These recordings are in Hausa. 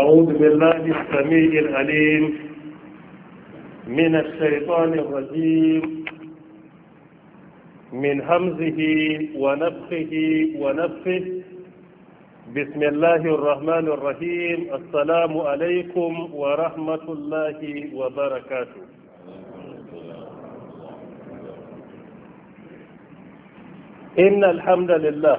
أعوذ بالله السميع العليم من الشيطان الرجيم من همزه ونفخه ونفخه بسم الله الرحمن الرحيم السلام عليكم ورحمة الله وبركاته إن الحمد لله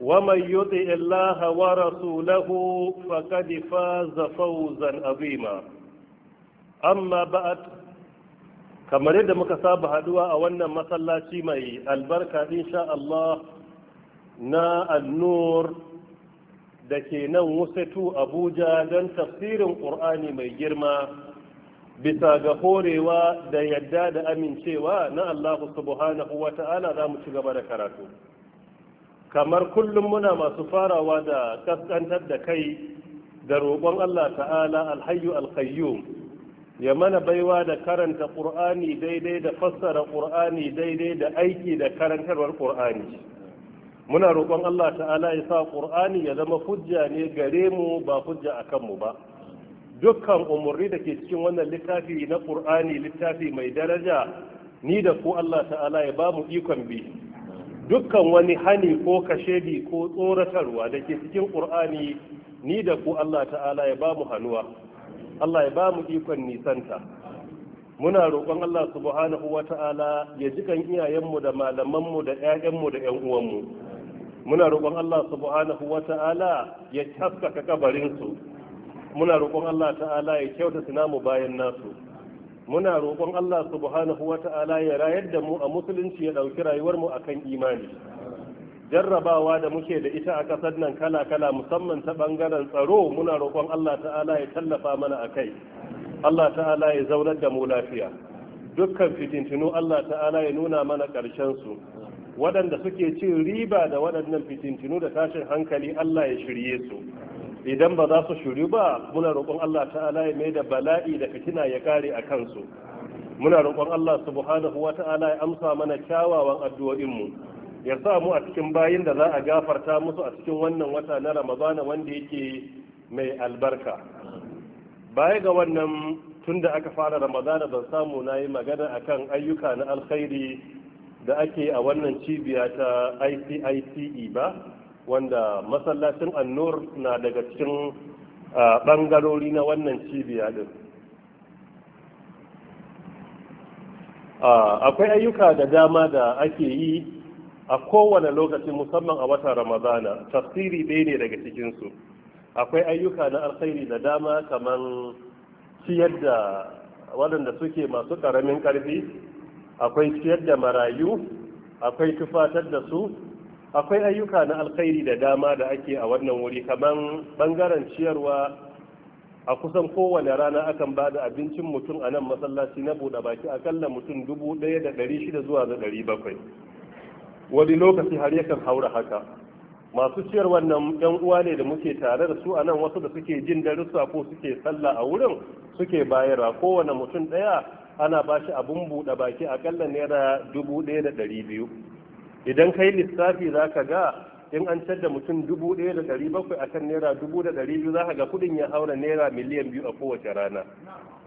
ومن يطع الله ورسوله فقد فاز فوزا عظيما اما بعد kamar yadda muka saba haduwa a wannan masallaci mai albarka insha Allah na annur da ke nan wusatu abuja don tafsirin ƙur'ani mai girma bisa ga horewa da yadda da amincewa na Allah subhanahu wa ta'ala za mu ci gaba da karatu kamar kullum muna masu farawa da kaskantar da kai da roƙon Allah ta'ala alhayyu Alhayyu ya mana baiwa da karanta ƙur'ani daidai da fassara ƙur'ani daidai da aiki da karantarwar ƙur'ani muna roƙon Allah ta'ala ya sa ƙur'ani ya zama hujja ne gare mu ba hujja a mu ba dukkan umarni da ke cikin wannan littafi na ƙur'ani littafi mai daraja ni da ku Allah ta'ala ya ba mu ikon bi dukkan wani hani ko kashedi ko tsoratarwa da ke cikin ƙur'ani ni da ku Allah ta'ala ya ba mu hannuwa Allah ya ba mu ikon nisanta muna roƙon Allah subhanahu wa ta'ala ya ji iyayenmu da malamanmu da 'ya'yanmu da 'yan uwanmu muna roƙon Allah subhanahu wa ta'ala ya haskaka kabarinsu muna roƙon Allah ta'ala ya kyautata namu bayan nasu muna roƙon Allah subhanahu wa ta'ala ya rayar da mu a musulunci ya ɗauki rayuwar mu akan imani jarrabawa da muke da ita a ƙasar nan kala-kala musamman ta ɓangaren tsaro muna roƙon Allah ta'ala ya tallafa mana a kai Allah ta'ala ya zaunar da mu lafiya dukkan fitintinu Allah ta'ala ya nuna mana ƙarshen su waɗanda suke cin riba da waɗannan fitintinu da tashin hankali Allah ya shirye su idan ba za su shiryu ba muna roƙon Allah ta'ala ya mai da bala'i da fitina ya kare a kansu muna roƙon Allah subhanahu wa ta'ala ya amsa mana kyawawan addu'o'inmu ya sa mu a cikin bayin da za a gafarta musu a cikin wannan wata na Ramadana wanda yake mai albarka baya ga wannan tunda aka fara Ramadana ban samu na yi magana akan ayyuka na alkhairi da ake a wannan cibiya ta ICICE ba wanda masallacin annur na daga cikin ɓangarori na wannan cibiya din akwai ayyuka da dama da ake yi a kowane lokaci musamman a watan ramadana tafsiri ɗaya ne daga cikinsu akwai ayyuka na alkhairi da dama kamar ciyar da waɗanda suke masu ƙaramin ƙarfi akwai ciyar da marayu akwai tufatar da su akwai ayyuka na alkhairi da dama da ake a wannan wuri kamar bangaren ciyarwa a kusan kowane rana akan ba da abincin mutum a nan masallaci na buɗe baki akalla mutum dubu ɗaya da ɗari shida zuwa da ɗari bakwai wani lokaci har yakan haura haka masu ciyar wannan yan uwa ne da muke tare da su a nan wasu da suke jin darussa ko suke sallah a wurin suke bayarwa kowane mutum ɗaya ana ba shi abin buɗe baki akalla naira dubu ɗaya da ɗari biyu idan kai lissafi za ka ga in an car mutum dubu ɗaya da ɗari bakwai a kan naira dubu da ɗari biyu za ka ga kuɗin ya haura naira miliyan biyu a kowace rana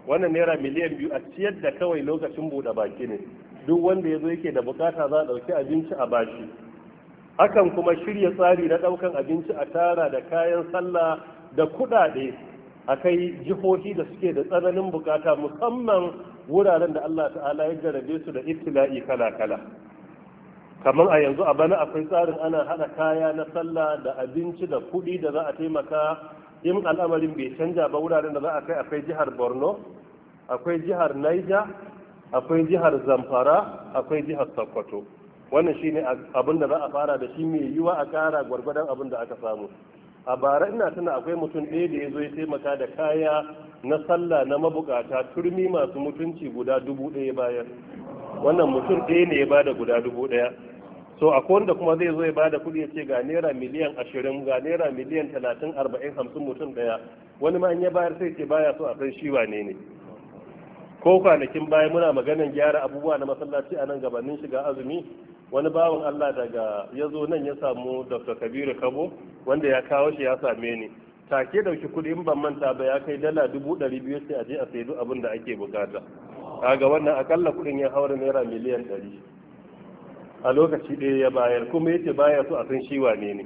wannan naira miliyan biyu a ciyar da kawai lokacin buɗe baki ne duk wanda ya zo yake da bukata za a ɗauki abinci a bashi akan kuma shirya tsari na ɗaukan abinci a tara da kayan sallah da kuɗaɗe a kai jihohi da suke da tsananin bukata musamman wuraren da Allah ta'ala ya jarabe su da ibtila'i kala-kala kamar a yanzu a bana akwai tsarin ana hada kaya na sallah da abinci da kuɗi da za a taimaka in al'amarin bai canja ba wuraren da za a kai akwai jihar borno akwai jihar niger akwai jihar zamfara akwai jihar sokoto wannan shi ne abin da za a fara da shi mai yiwuwa a kara gwargwadon abin da aka samu a bara ina tana akwai mutum ɗaya da ya zo ya taimaka da kaya na sallah na mabukata turmi masu mutunci guda dubu ɗaya bayan wannan mutum ɗaya ne ya bada guda dubu ɗaya so akwai wanda kuma zai zo ya bada kuɗi ya ce ga naira miliyan ashirin ga naira miliyan talatin arba'in hamsin mutum ɗaya wani ma in ya bayar sai ce baya so a san shi wane ne ko kwanakin baya muna maganan gyara abubuwa na masallaci a nan gabanin shiga azumi wani bawan Allah daga ya zo nan ya samu Dr. Kabiru Kabo wanda ya kawo shi ya same ni take dauki kuɗi in ban manta ba ya kai dala dubu ɗari biyu sai a je a saidu abin da ake bukata kaga wannan akalla kudin ya haura naira miliyan ɗari a lokaci ɗaya ya bayar kuma yace baya su a san shi wane ne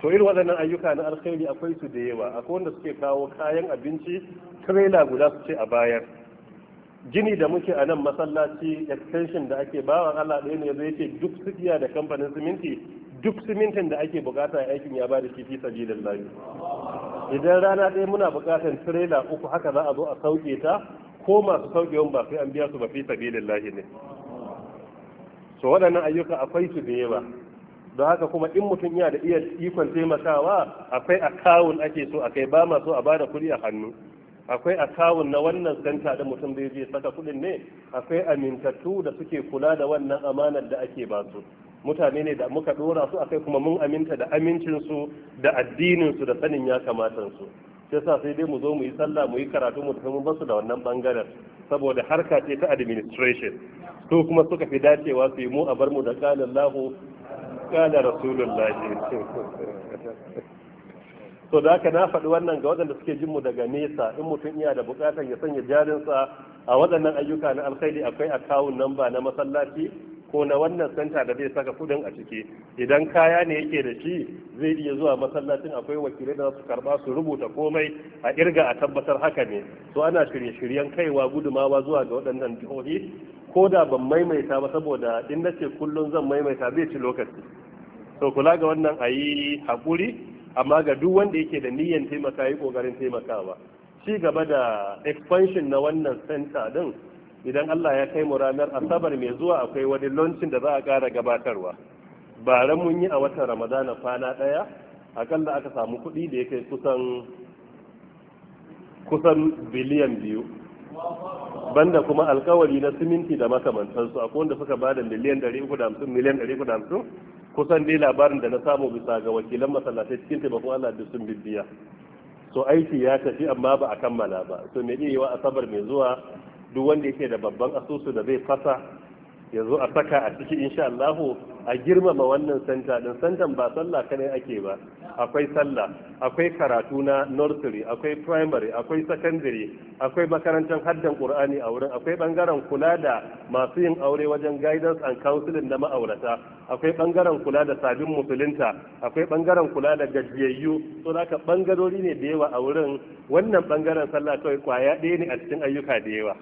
to irin waɗannan ayyuka na alkhairi akwai su da yawa akwai wanda suke kawo kayan abinci trailer guda su ce a bayar gini da muke a nan masallaci extension da ake bawa Allah ɗaya ne zai ce duk sigiya da kamfanin siminti duk simintin da ake bukata aikin ya bada shi fi sabilillah idan rana ɗaya muna bukatar trailer uku haka za a zo a sauke ta ko masu saukewan ba sai an biya su ba fi sabilillahi ne so waɗannan ayyuka akwai su da yawa don haka kuma in mutum yana da iya ikon taimakawa akwai akawun ake so akai ba masu so a bada kuɗi a hannu akwai akawun na wannan santa da mutum zai je saka kuɗin ne akwai amintattu da suke kula da wannan amanar da ake ba su mutane ne da muka ɗora su akai kuma mun aminta da amincinsu da addininsu da sanin ya kamata su sai sa sai dai mu zo mu yi sallah mu yi karatu mu tafi mun basu da wannan bangaren saboda harka ce ta administration to kuma suka fi dacewa su yi mu a bar mu da kala Allahu rasulullahi to da haka na faɗi wannan ga waɗanda suke jin mu daga nesa in mutum iya da buƙatar ya sanya jarinsa a waɗannan ayyuka na alkhairi akwai akawun number na masallaci ko na wannan center da zai saka kudin a ciki idan kaya ne yake da shi zai iya zuwa masallacin akwai wakilai da su karba su rubuta komai a irga a tabbatar haka ne so ana shirye-shiryen kaiwa gudumawa zuwa ga waɗannan jihohi ko da ban maimaita ba saboda in nace kullum zan maimaita bai ci lokaci to kula ga wannan a yi haƙuri amma ga duk wanda yake da niyyar taimaka yi ƙoƙarin taimakawa ci gaba da expansion na wannan center din idan Allah ya kai mu ranar asabar mai zuwa akwai wani launching da za a ƙara gabatarwa bara mun yi a watan ramadana fana ɗaya akalla aka samu kuɗi da ya kai kusan kusan biliyan biyu banda kuma alkawari na siminti da makamantansu akwai wanda suka bada miliyan 350 miliyan 350 kusan dai labarin da na samu bisa ga wakilan masallatai cikin taimakon Allah da sun bibiya so aiki ya tafi amma ba a kammala ba so me iya yiwa asabar mai zuwa duk wanda yake da babban asusu da zai fasa yanzu a saka a ciki insha Allah a girmama wannan santa din santan ba sallah kane ake ba akwai sallah akwai karatu na nursery akwai primary akwai secondary akwai makarantar haddan qur'ani a wurin akwai bangaren kula da masu yin aure wajen guidance and counseling na ma'aurata akwai bangaren kula da sabin musulunta akwai bangaren kula da gajiyayyu so zaka bangarori ne da yawa a wurin wannan bangaren sallah kawai kwaya ɗaya ne a cikin ayyuka da yawa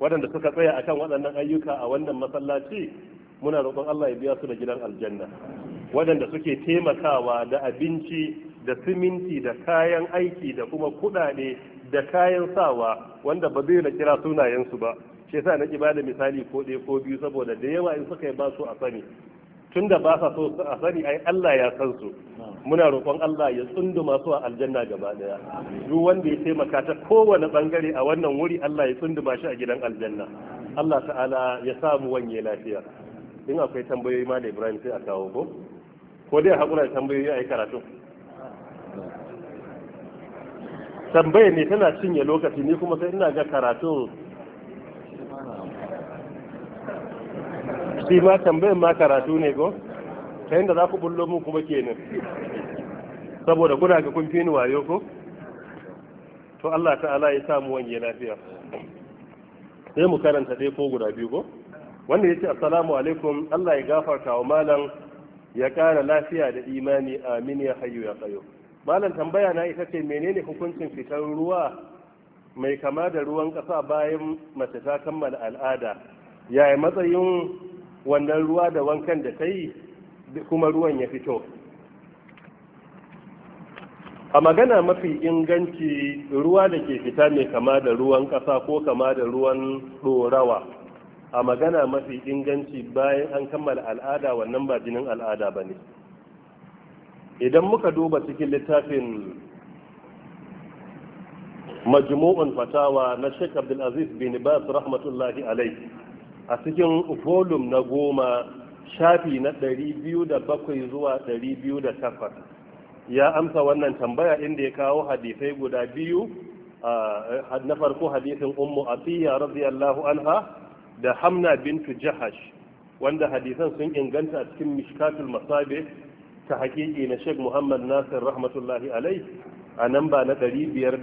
waɗanda suka tsaya akan waɗannan ayyuka a wannan masallaci muna roƙon Allah ya biya su da gidan aljanna waɗanda suke taimakawa da abinci da siminti da kayan aiki da kuma kuɗaɗe da kayan sawa wanda ba zai na kira sunayensu ba shi yasa na ki bada misali ko ɗaya ko biyu saboda da yawa in suka yi ba su a sani tun da ba sa so a sani ai Allah ya san su muna roƙon Allah ya tsunduma su a aljanna gaba daya duk wanda ya taimaka ta kowane bangare a wannan wuri Allah ya tsunduma shi a gidan aljanna Allah ta'ala ya samu wanye lafiya in akwai tambayoyi ma da Ibrahim sai a kawo ko ko dai hakura da tambayoyi ai karatu tambayar ne tana cinye lokaci ni kuma sai ina ga karatu. shi ma tambayin ma karatu ne ko ta yadda za ku bullo mu kuma kenan saboda kuna ga kun fi ni wayo ko to Allah ta'ala ya samu wange lafiya sai mu karanta dai ko guda biyu ko wanda yace assalamu alaikum Allah ya gafarta wa malam ya kara lafiya da imani amin ya hayyu ya qayyum malam tambaya na ita ce menene hukuncin fitar ruwa mai kama da ruwan kasa bayan mace ta kammala al'ada yaya matsayin wannan ruwa da wankan da ta kuma ruwan ya fito a magana mafi inganci ruwa da ke fita mai kama da ruwan kasa ko kama da ruwan ɗorawa a magana mafi inganci bayan an kammala al'ada wannan ba jinin al'ada ba ne idan muka duba cikin littafin majmu'un fatawa na sheik abdulaziz bin bas rahmatullahi alaihi a cikin volume na goma shafi na da bakwai zuwa da 208 ya amsa wannan tambaya inda ya kawo hadisai guda biyu na farko hadisin ummu atiya radiyallahu anha da hamna bintu jahash wanda hadisan sun inganta a cikin mishkatul masabe ta hakiki na sheikh muhammad nasir rahmatullahi alai a nan ba na 561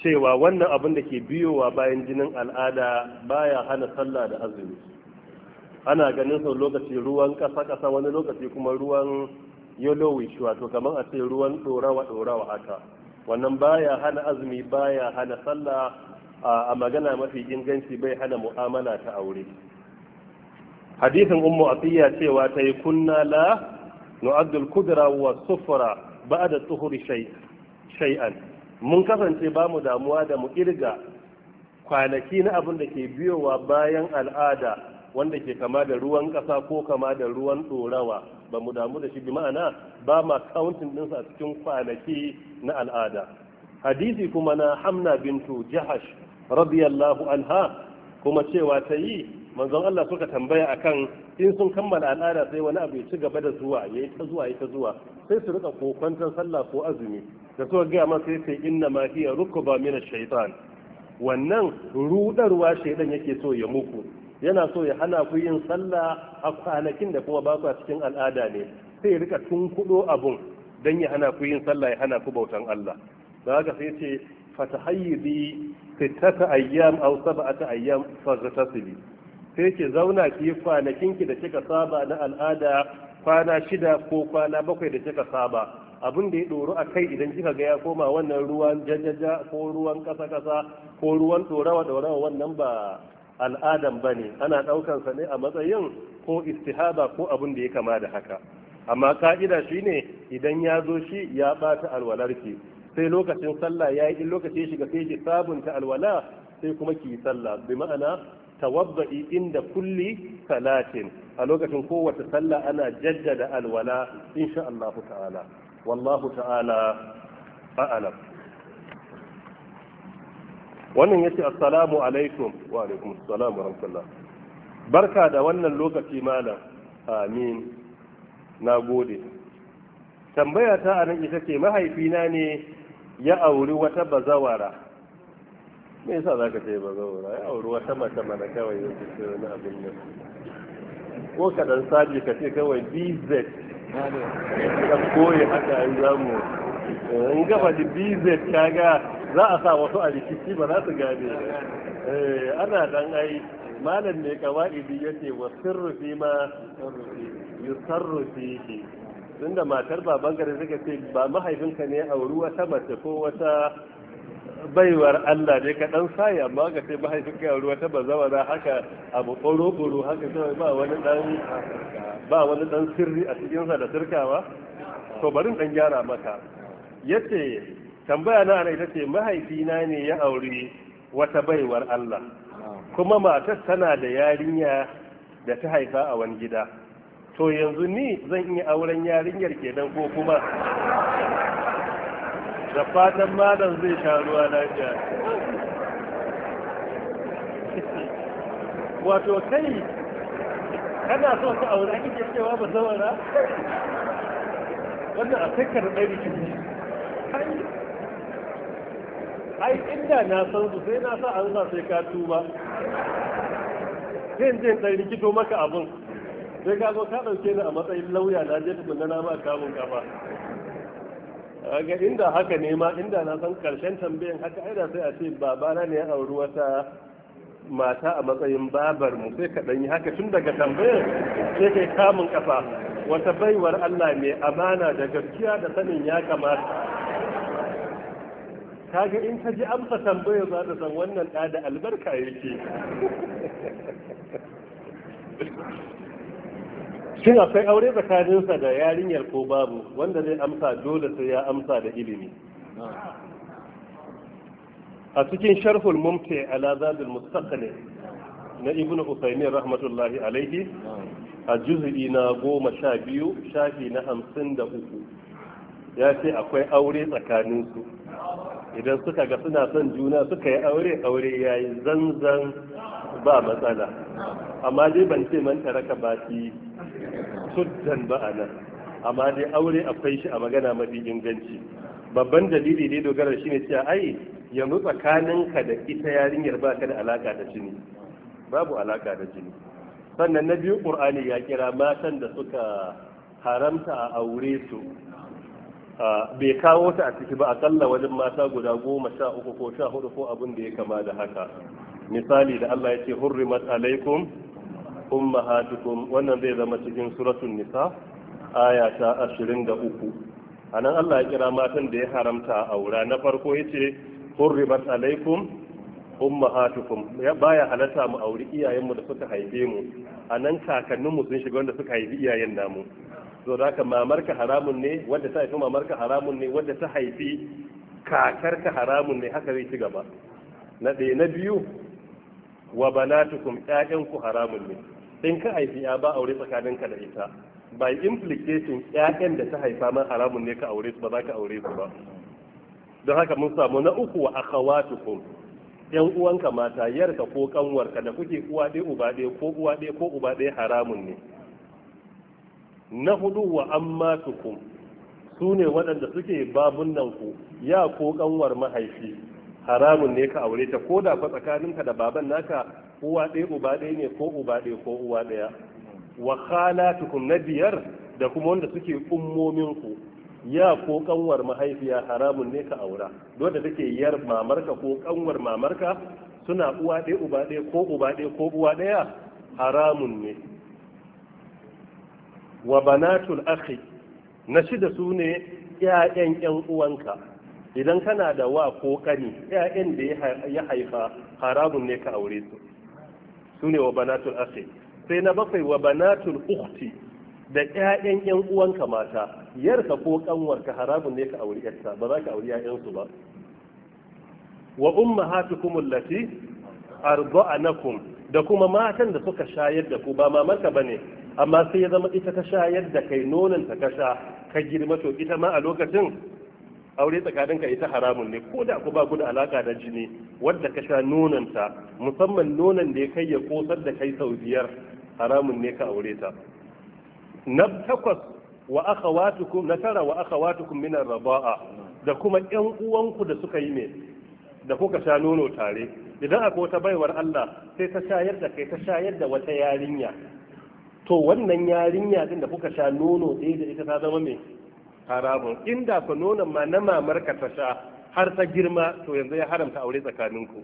cewa wannan abin da ke biyowa bayan jinin al'ada baya hana sallah da azumi ana ganin sau lokaci ruwan ƙasa-ƙasa wani lokaci kuma ruwan yellowish wato kamar a ce ruwan dorawa-dorawa haka wannan baya hana azumi baya hana sallah a magana mafi inganci bai hana mu'amala ta aure hadisin ummu atiya cewa ta yi kunna la nu'addul kudra wa sufra ba'da tuhuri shay'an mun kasance ba mu damuwa da mu kirga kwanaki na abin da ke biyowa bayan al'ada wanda ke kama da ruwan ƙasa ko kama da ruwan ɗorawa ba mu damu da shi bi ma'ana ba ma kauntin ɗinsa a cikin kwanaki na al'ada hadisi kuma na hamna bintu jahash radiyallahu anha kuma cewa ta yi manzon Allah suka tambaya akan in sun kammala al'ada sai wani abu ya ci gaba da zuwa yayi ta zuwa yayi ta zuwa sai su rika kokwantar sallah ko azumi da suka ga ma sai sai inna ma hiya rukba min ash-shaytan wannan rudarwa shaydan yake so ya muku yana so ya hana ku yin sallah a kwanakin da kuma ba ku a cikin al'ada ne sai ya rika tunkudo abun dan ya hana ku yin sallah ya hana ku bautan Allah da haka sai ce fatahayyibi sittata ayyam aw sab'ata ayyam faghtasili sai ki zauna ki yi kwanakinki da kika saba na al'ada kwana shida ko kwana bakwai da kika saba abin da ya ɗoru a kai idan kika ga ya koma wannan ruwan jajaja ko ruwan kasa-kasa ko ruwan ɗorawa dorawa wannan ba al'adan ba ne ana sa ne a matsayin ko istihaba ko abin da ya kama da haka amma ka'ida shi ne idan ya zo shi ya ɓata alwalarki sai lokacin sallah ya yi in lokaci shiga sai ki sabunta alwala sai kuma ki yi sallah bi ma'ana tawadda'i inda kulli salatin a lokacin kowace sallah ana jaddada alwala insha Allah ta'ala wallahu ta'ala a'lam wannan yace assalamu alaikum wa alaikum assalam wa rahmatullah barka da wannan lokaci malam amin nagode tambaya ta anan ita ce mahaifina ne ya auri wata bazawara me yasa za ka ce ba zaura ya auri wata mata mana kawai da ce wani abin nan ko ka dan saji ka ce kawai bz ka koyi haka an zamu in gaba da bz ga za a sa wasu a rikici ba za su gane eh, ana dan ai malam ne kawa'idi ya ce wa sirrufi ma yusarrufi shi tunda matar baban gari suka ce ba mahaifinka ne auri wata mace ko wata baiwar Allah ne ka dan sai amma ga sai mahaifin ka ruwa ta bazawa na haka abu koro koro haka sai ba wani dan ba wani dan sirri a cikin sa da sirkawa to barin dan gyara maka yace tambaya na ana ita ce mahaifina ne ya aure wata baiwar Allah kuma matar tana da yarinya da ta haifa a wani gida to yanzu ni zan iya auren yarinyar kenan ko kuma da fatan malam zai sha ruwa lafiya wato kai kana so ka aure ke cewa ba zawara wanda a sai ɗari rikici ai inda na san su sai na sa an sa sai ka tuba zai je ɗan rikito maka abin sai ka zo ka ɗauke ni a matsayin lauya na je tukunna na ma kamun kafa ga inda haka ne ma inda na san karshen tambayan haka aida sai a ce babana ne ya auri wata mata a matsayin babar mu sai ka yi haka tun daga tambayar sai kai kamun kafa wata baiwar Allah mai amana da gaskiya da sanin ya kamata kaga in ta ji amsa tambayar za ta san wannan da albarka yake shin akwai aure tsakaninsa da yarinyar ko babu wanda zai amsa dole sai ya amsa da ilimi a cikin sharhul mumti ala zadul mustaqni na ibnu usaymin rahmatullahi alaihi a juz'i na goma sha biyu shafi na hamsin da uku ya ce akwai aure tsakaninsu idan suka ga suna son juna suka yi aure aure ya yi zanzan ba matsala amma dai ban ce man taraka ba shi tuddan ba a nan amma dai aure akwai shi a magana mafi inganci babban dalili dai dogara shine cewa ai yanzu tsakaninka da ita yarinyar ba ka da alaka da jini babu alaka da jini sannan na biyu qur'ani ya kira matan da suka haramta a aure su bai kawo ta a ciki ba akalla wajen mata guda goma sha uku ko sha hudu ko abin da ya kama da haka misali da Allah ya ce hurrimat alaikum ummahatukum wannan zai zama cikin suratun nisa aya ta 23 anan Allah ya kira matan da ya haramta a aura na farko yace hurrimat alaikum ummahatukum baya halatta mu auri iyayenmu da suka haife mu anan kakanninmu sun shiga wanda suka haifi iyayen namu So da haka mamarka haramun ne wanda ta haifi mamarka haramun ne wanda ta haifi kakarka haramun ne haka zai ci na ɗaya na biyu wa banatukum ƴaƴanku haramun ne in ka haifi ya ba aure ka da ita by implication ƴaƴan da ta haifa man haramun ne ka aure su ba za ka aure su ba don haka mun samu na uku wa akhawatukum ƴan uwanka mata yarka ko kanwarka da kuke uwa ɗaya uba ɗaya ko uwa ɗaya ko uba ɗaya haramun ne na hudu wa ammatukum su ne waɗanda suke babun nan ku ya ko kanwar mahaifi haramun ne ka aure ta ko da fa tsakaninka da baban naka uwa ɗaya uba ɗaya ne ko uba ɗaya ko uwa ɗaya wa khalatukum na biyar da kuma wanda suke ummomin ku ya ko kanwar mahaifiya haramun ne ka aura wanda take yar mamarka ko kanwar mamarka suna uwa ɗaya uba ɗaya ko uba ɗaya ko uwa ɗaya haramun ne wa banatul akhi na shida su ne 'ya'yan 'yan uwanka idan kana da wa ko kani 'ya'yan da ya haifa haramun ne ka aure su su ne wa banatul akhi sai na bakwai wa banatul ukhti da 'ya'yan 'yan uwanka mata yarka ko kanwarka haramun ne ka aure ƴarta ba za ka aure 'ya'yansu ba wa ummahatukum allati arda'anakum da kuma matan da suka shayar da ku ba mamanka bane amma sai ya zama ita ta shayar da kai nonon ta kasha ka girma to ita ma a lokacin aure tsakanin ka ita haramun ne ko da ku ba ku da alaka da jini wadda ka sha nonon ta musamman nonon da ya kai ya kosar da kai sau biyar haramun ne ka aure ta na takwas wa akhawatukum na tara wa akhawatukum min ar-raba'a da kuma ƴan uwanku da suka yi ne da kuka sha nono tare idan akwai wata baiwar Allah sai ta shayar da kai ta shayar da wata yarinya to wannan yarinya din da kuka sha nono ɗaya da ita ta zama mai haramun inda ku nonon ma na mamar ka ta sha har ta girma to yanzu ya haramta aure tsakaninku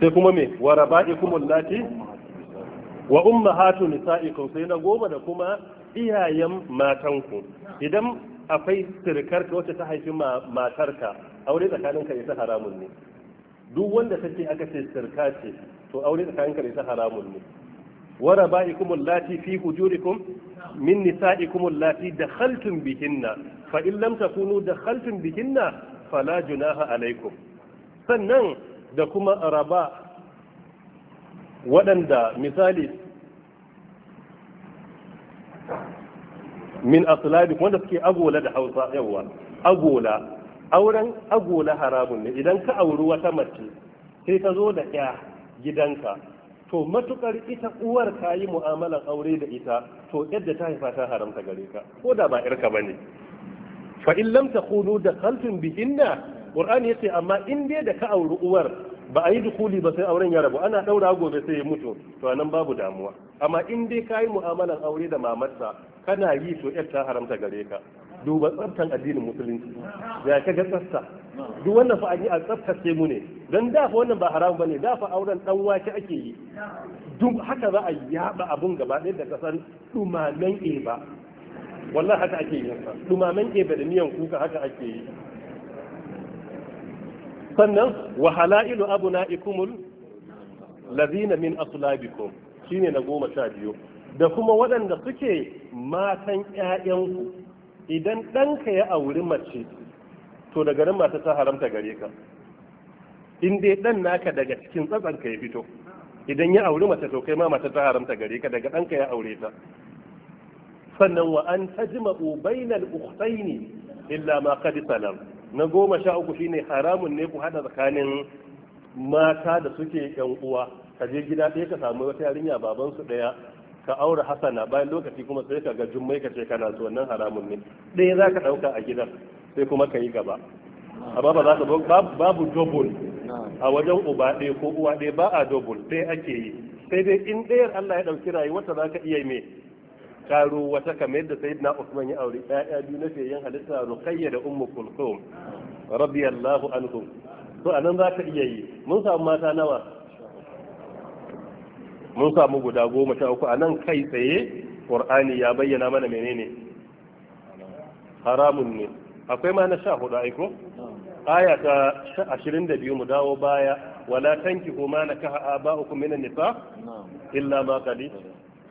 sai kuma me wa raba'ikum allati wa ummahatu nisa'ikum sai na goma da kuma iyayen matanku idan akwai ka wacce ta haifi matarka aure tsakaninka ita haramun ne duk wanda take aka ce sirka ce to aure tsakanin ka ta ita haramun ne wa raba'ikum allati fi hujurikum min nisa'ikum allati dakhaltum bihinna fa in lam takunu dakhaltum bihinna fala junaha alaikum sannan da kuma raba waɗanda misali min aslabi wanda suke agola da hausa yawa agola auren ago na haramun ne idan ka auri wata mace sai ka zo da ya gidanka to matukar ita uwar ka yi mu'amalan aure da ita to yadda ta haifa ta haramta gare ka ko da ba irka bane fa in lam takunu da khalfin ƙur'ani qur'ani yace amma in dai da ka auri uwar ba a yi dukuli ba sai auren ya rabu ana daura gobe sai ya mutu to anan babu damuwa amma in dai ka yi mu'amalan aure da mamarsa kana yi to yadda ta haramta gare ka duba tsabtan addinin musulunci ya ka ga tsabta duk wannan fa an yi a tsaftace mu ne don da fa wannan ba haramu bane da fa auren dan wake ake yi duk haka za a yaba abun gaba ɗaya da kasar dumamen eba wallahi haka ake yi dumamen eba da miyan kuka haka ake yi sannan wa halailu abunaikumul lazina min aslabikum shine na goma sha biyu da kuma waɗanda suke matan ƴaƴanku idan ɗanka ya auri mace to da garin mata ta haramta gare ka in dai ɗan naka daga cikin tsatsanka ya fito idan ya auri mace to kai ma mata ta haramta gare ka daga ɗanka ya aure ta sannan wa an ta tajma'u bainal ukhtaini illa ma qad salam na goma sha uku shine haramun ne ku haɗa tsakanin mata da suke yan uwa ka je gida ɗaya ka samu wata yarinya babansu ɗaya ka aure hasana bayan lokaci kuma sai ka ga jummai ka ce kana so wannan haramun ne ɗaya za ka ɗauka a gidan sai kuma ka yi gaba amma ba za ka babu dubul a wajen uba ɗaya ko uwa ɗaya ba a double Sai ake yi sai dai in ɗayar Allah ya ɗauki ta za ka iya mai karo wata kamar yadda sayyidina Usman ya aure ɗaya biyu na fiye halitta Ruqayya da Ummu Kulthum radiyallahu anhum to anan za ka iya yi mun samu mata nawa mun samu guda goma sha uku a nan kai tsaye ƙur'ani ya bayyana mana menene haramun ne akwai ma na sha hudu aiko aya ta ashirin da biyu mu dawo baya wala tanki ma na kaha uku minan nifa illa ma kadi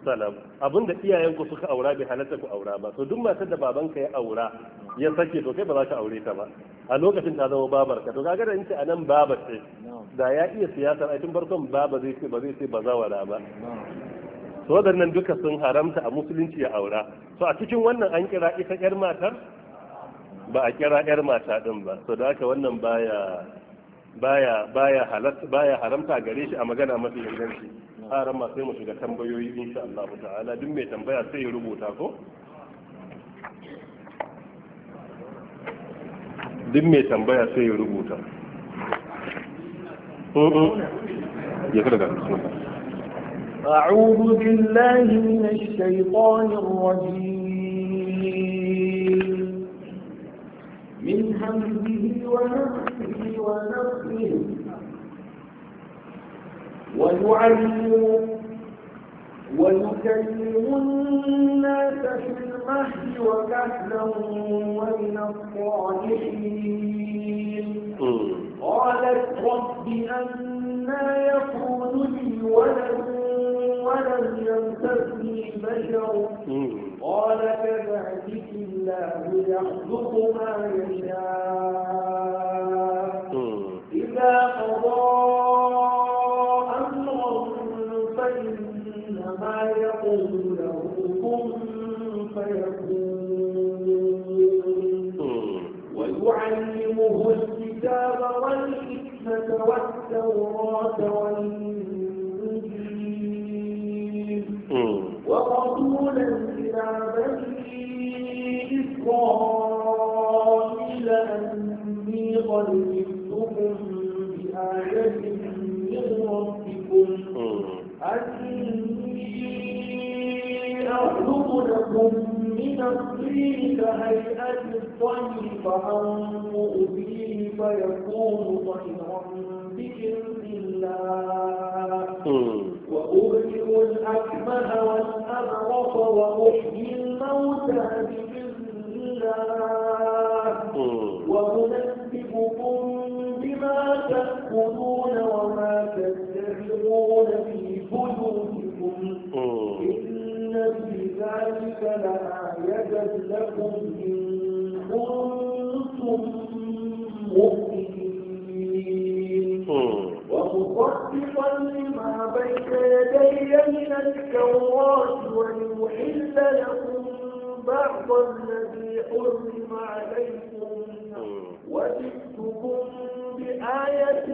salam abinda iyayenku suka aura bai halatta ku aura ba so duk matar da babanka ya aura ya sake to kai ba za ka aure ta ba a lokacin ta zama babar ka to kaga da in ce anan babar ce da ya iya siyasar a tun farkon baba zai ce ba zai ce bazawara ba so waɗannan duka sun haramta a musulunci ya aura so a cikin wannan an kira ita yar matar ba a kira yar mata din ba so da haka wannan baya baya baya halatta baya haramta gare shi a magana mafi inganci tsara ma sai mu shiga tambayoyi insha Allah ta'ala duk mai tambaya sai ya rubuta ko duk mai tambaya sai ya rubuta ya kada أعوذ بالله من الشيطان الرجيم من همزه ونفسه ونفسه ويعلمكم ويكلم الناس في المهد وكهلا ومن الصالحين قالت رب أنا يكون لي ولد ولم يمسسني بشر قال كذلك الله يخلق ما يشاء تقول له كن فيكون لكم من الطين كهيئة الطير فأنفؤ فيه فيكون طيرا بإذن من التوراة وليحل لكم بعض الذي حرم عليكم وجئتكم بآية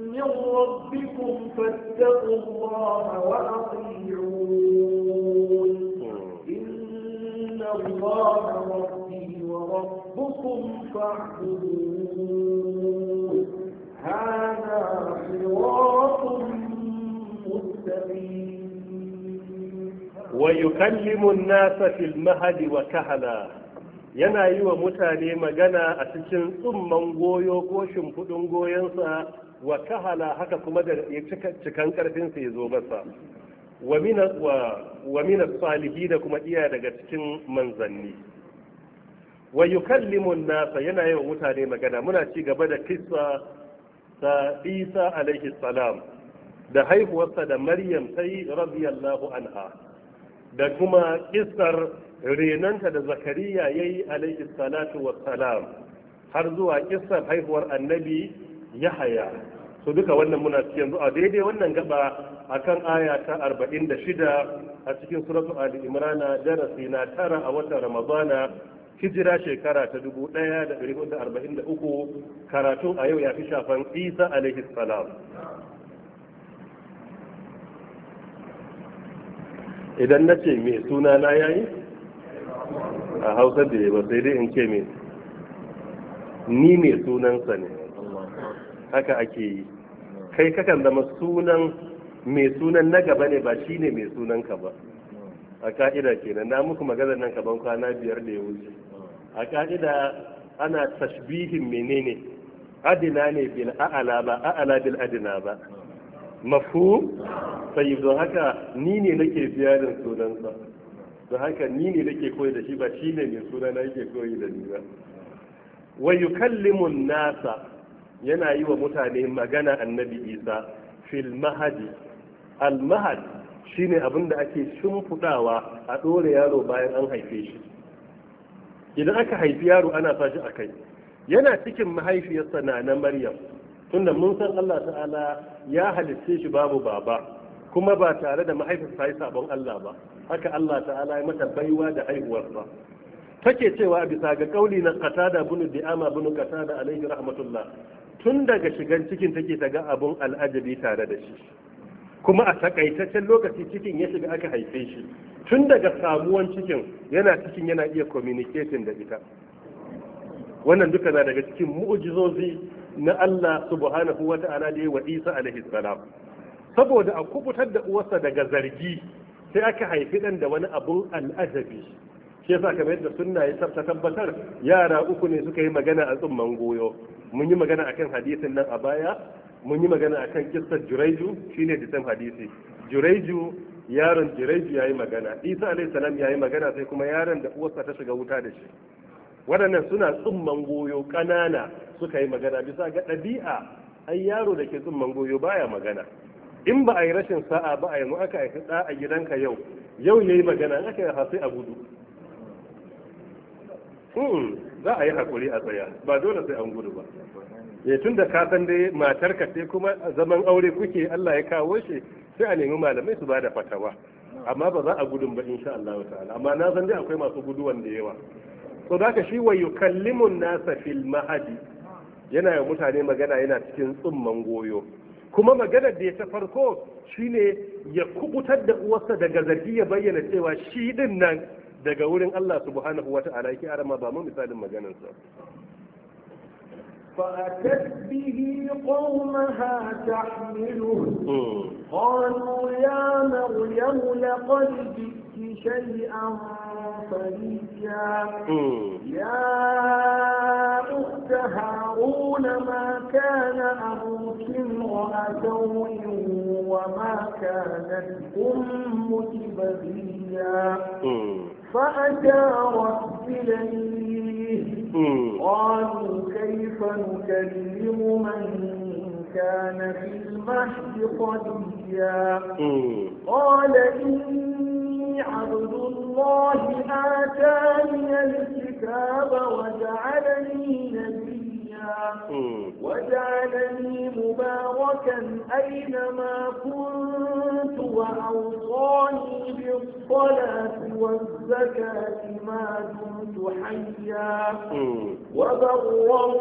من ربكم فاتقوا الله وأطيعون إن الله ربي وربكم فاعبدون هذا صراط مستقيم wa yukallimu an-nasa fil mahadi wa kahala yana yi wa mutane magana a cikin tsumman goyo ko shimfudin goyonsa wa kahala haka kuma da ya cikan karfinsa ya zo masa wa minas salihi da kuma iya daga cikin manzanni wa nasa yana yi wa mutane magana muna ci gaba da kissa ta isa alaihi salam da haihuwarsa da maryam sai radiyallahu anha da kuma kisar renanta da zakariya ya yi alaihi salatu wassalam har zuwa kisar haihuwar annabi yahaya to duka wannan muna cikin zuwa daidai wannan gaba akan aya ta 46 a cikin suratu ali imrana darasi na tara a watan ramadana hijira shekara ta 1443 karatun a yau ya fi shafan isa alaihi salam idan na ce mai suna na yayi a hausa da ya ba sai dai in ce mai ni mai sunansa ne haka ake yi kai kakan zama sunan mai sunan na gaba ne ba shi ne mai sunanka ba a ka'ida kenan na muku maganar nan kaban kwana biyar da ya wuce a ka'ida ana tashbihin menene adina ne bil a'ala ba a'ala bil adina ba mafu sai don haka ni ne nake ziyarar sunansa don haka ni ne nake koyi da shi ba shi ne mai na yake koyi da ni ba wa yukallimun nasa yana yi wa mutane magana annabi isa fil mahadi al mahad shine abin da ake shimfudawa a ɗore yaro bayan an haife shi idan aka haifi yaro ana sa shi a kai yana cikin mahaifiyarsa na na maryam tunda mun san Allah ta'ala ya halitta shi babu baba kuma ba tare da mahaifinsa ta yi sabon Allah ba haka Allah ta'ala ya mata baiwa da haihuwarsa take cewa bisa ga kauli na qatada bin di'ama bin qatada alaihi rahmatullah tun daga shigan cikin take ta ga abun al'ajabi tare da shi kuma a takaitaccen lokaci cikin ya shiga aka haife shi tun daga samuwan cikin yana cikin yana iya communicating da ita wannan duka na daga cikin mu'jizozi na Allah subhanahu wa ta'ala da wa Isa alaihi salam saboda a kubutar da uwarsa daga zargi sai aka haifi dan da wani abun al'ajabi shi yasa kamar yadda sunna ya sarta tabbatar yara uku ne suka yi magana a tsumman goyo mun yi magana akan hadisin nan a baya mun yi magana akan kissar juraiju shine da hadisi juraiju yaron jiraiji ya magana isa alaihi salam ya yi magana sai kuma yaron da uwarsa ta shiga wuta da shi waɗannan suna tsumman goyo ƙanana suka yi magana bisa ga ɗabi'a an yaro da ke tsumman goyo baya magana in ba a yi rashin sa'a ba a yi aka yi ɗa a gidanka yau yau ya yi magana aka yi hasi a gudu hmm, za a yi haƙuri a tsaya ba dole sai an gudu ba ya eh, tun da ka san dai matarka sai kuma zaman aure kuke Allah ya kawo shi sai a nemi malamai su ba da fatawa amma ba za a gudun ba insha Allah ta'ala amma na san dai akwai masu guduwan da yawa so da shi wa yukallimun nasa fil mahadi yana yi mutane magana yana cikin tsumman goyo kuma maganar da ya ta farko shine ya kubutar da uwarsa daga zargi ya bayyana cewa shi din nan daga wurin Allah subhanahu wa ta'ala yake arama ba mu misalin maganarsa فأتت به قومها تحمله hmm. قالوا يا مريم لقد جئت شيئا فريا يا أخت هارون ما كان أبوك امرأ سوء وما كانت أمك بغيا فأشارت إليه قالوا كيف نكلم من كان في المهد قديا قال إن عبد الله آتاني الكتاب وجعلني نبيا وجعلني مباركا أينما كنت وأوصاني بالصلاة والزكاة ما دمت حيا وبرا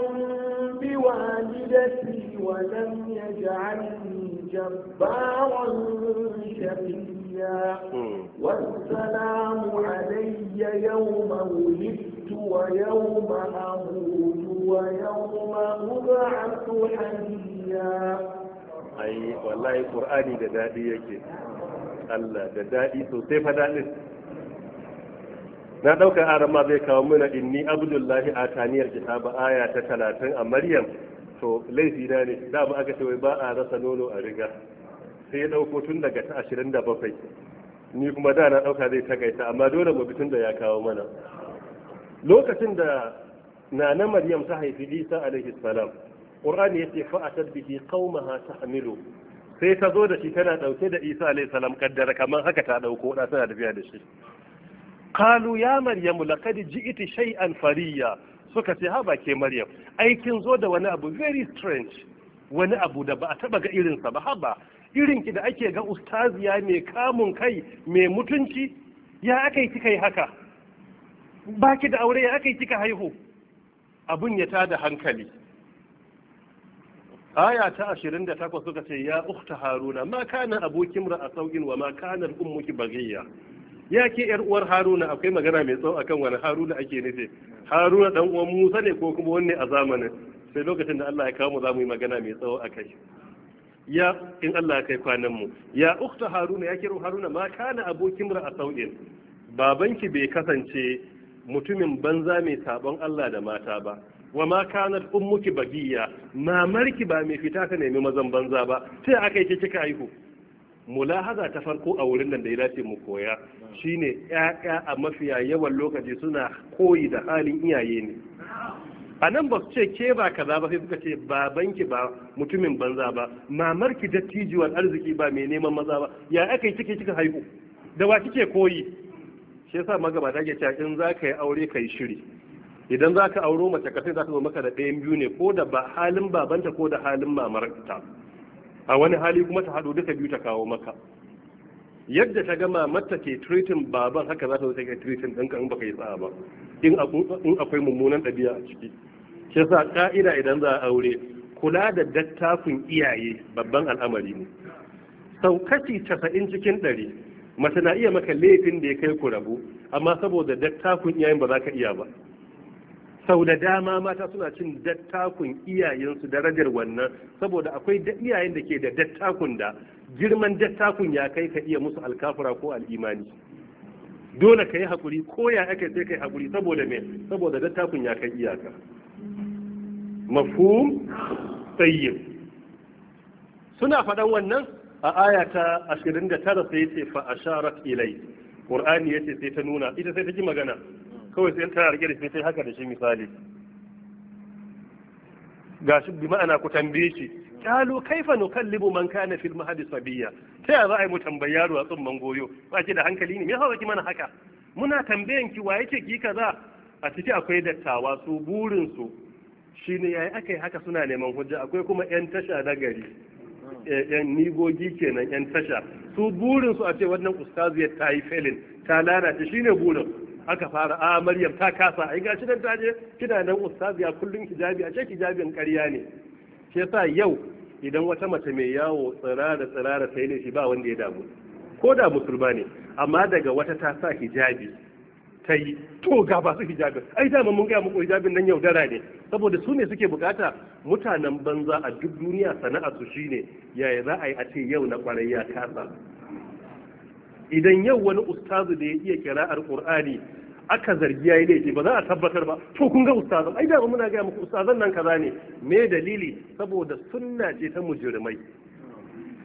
بوالدتي ولم يجعلني جبارا شقيا والسلام علي يوم ولدت ويوم أموت ويوم أبعث حيا أي والله قرآني دادي يكي الله da daɗi sosai fa daɗin na ɗauka arama zai kawo mana inni abdullahi a taniyar kitaba aya ta talatin a maryam to laifi na ne da ba aka wai ba a rasa nono a riga sai ya dauko tun daga ta 27 ni kuma da na dauka zai takaita amma dole mu bitun da ya kawo mana lokacin da nana maryam ta haifi isa alaihi salam qur'ani yace fa atad bihi qaumaha tahmilu sai ta zo da shi tana dauke da isa alaihi salam kaddara kamar haka ta dauko da tana tafiya da shi qalu ya maryamu laqad ji'ti shay'an fariya suka ce ha ke maryam Aikin zo da wani abu very strange wani abu da ba a taba ga irinsa ba haba irin ki da ake ga ustaziya mai kamun kai mai mutunci ya aka yi kika haka ba da aure ya aka yi kika haihu abun ya tada hankali aya ta 28 suka ce ya ukhta haruna ma kana abokin ra'a saukin wa ma kana ummuki bagiyya ya ke yar uwar haruna akwai magana mai tsawo akan wani haruna ake nufi haruna dan uwan musa ne ko kuma wanne a zamanin sai lokacin da Allah ya kawo mu za mu yi magana mai tsawo akai ya in Allah kai kwanan mu ya ukta haruna ya kira haruna ma kana abokin ra a babanki bai kasance mutumin banza mai sabon Allah da mata ba wa ma kana ummuki bagiya mamarki ba mai fita ka nemi mazan banza ba sai aka yi kika haihu mulahaza ta farko a wurin nan da ya dace mu koya shine ƴaƴa a mafiya yawan lokaci suna koyi da halin iyaye ne a nan ba su ce ke ba kaza ba sai suka ce babanki ba mutumin banza ba mamarki dattijuwar arziki ba mai neman maza ba ya aka yi kike kika haihu da wa kike koyi shi yasa magabata ke cewa in za ka yi aure ka yi shiri idan za ka auro mace ka sai za ka zo maka da ɗayan biyu ne ko da ba halin babanta ko da halin mamarta a wani hali kuma ta haɗu duka biyu ta kawo maka yadda ta gama mata ke treating baban haka za ta zai ke treating ɗinka in baka yi tsaba ba in akwai mummunan ɗabi'a a ciki shi sa ka'ida idan za a aure kula da dattafin iyaye babban al'amari ne sau kashi casa'in cikin ɗari mace na iya maka laifin da ya kai ku rabu amma saboda dattafin iyayen ba za ka iya ba sau da dama mata suna cin dattakun iyayensu darajar wannan saboda akwai iyayen da ke da dattakun da girman dattakun ya kai ka iya musu alkafura ko al'imani dole ka yi haƙuri ko ya ake sai ka yi haƙuri saboda me saboda dattakun ya kai iyaka mafhum tsaye suna faɗan wannan a aya ta 29 sai ce fa asharat ilai qur'ani yace sai ta nuna ita sai ta ji magana kawai sai tana rike da shi sai haka da shi misali shi bi ma'ana ku tambaye shi kalu kaifa nukallibu man kana fil mahdi sabiya ta ya za a yi mu tambayi yaro a tsumman goyo ba ki da hankali ne me yasa ki mana haka muna tambayan ki wa yake ki kaza a ciki akwai dattawa su burin su shine yayi akai haka suna neman hujja akwai kuma yan tasha na gari yan nigogi kenan yan tasha su burin su a ce wannan ustaziyar ta yi felin ta lalace shine burin aka fara a ah, maryam ta kasa ai gashi nan ta je kina nan a kullun hijabi a ce hijabin ƙarya ne shi yasa yau idan wata mace mai yawo tsirara tsirara sai ne shi ba wanda ya damu ko da musulma ne amma daga wata ta sa hijabi ta yi to ga ba su hijabin ai dama mun gaya muku hijabin nan yaudara ne saboda su ne suke bukata mutanen banza a duk duniya sana'a su shine yaya za a yi a ce yau na kwarai ya kasa idan yau wani ustazu da ya iya kira'ar qur'ani aka zargi yayi laifi ba za a tabbatar ba to kun ga ustazan ai da muna ga muku ustazan nan kaza ne me dalili saboda sunna ce ta mujrimai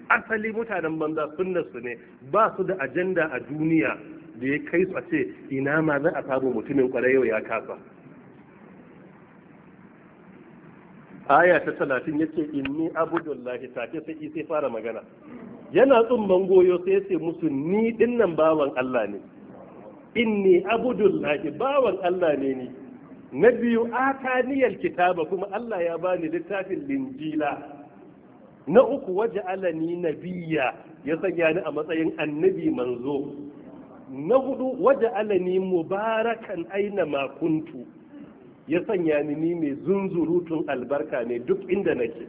asali mutanen banza sunnar su ne ba su da ajanda a duniya da ya kai su a ce ina ma za a samu mutumin kwarai yau ya kasa aya ta talatin yace inni abudullahi take sai sai fara magana yana tsumman goyo sai ce musu ni nan bawan Allah ne inni abudullahi bawan Allah ne ni na biyu ataniyal kitaba kuma Allah ya bani littafin linjila na uku waje alani nabiya ya sanya ni a matsayin annabi manzo na hudu waje alani mubarakan aina makuntu ya sanya ni ni mai zunzurutun albarka ne duk inda nake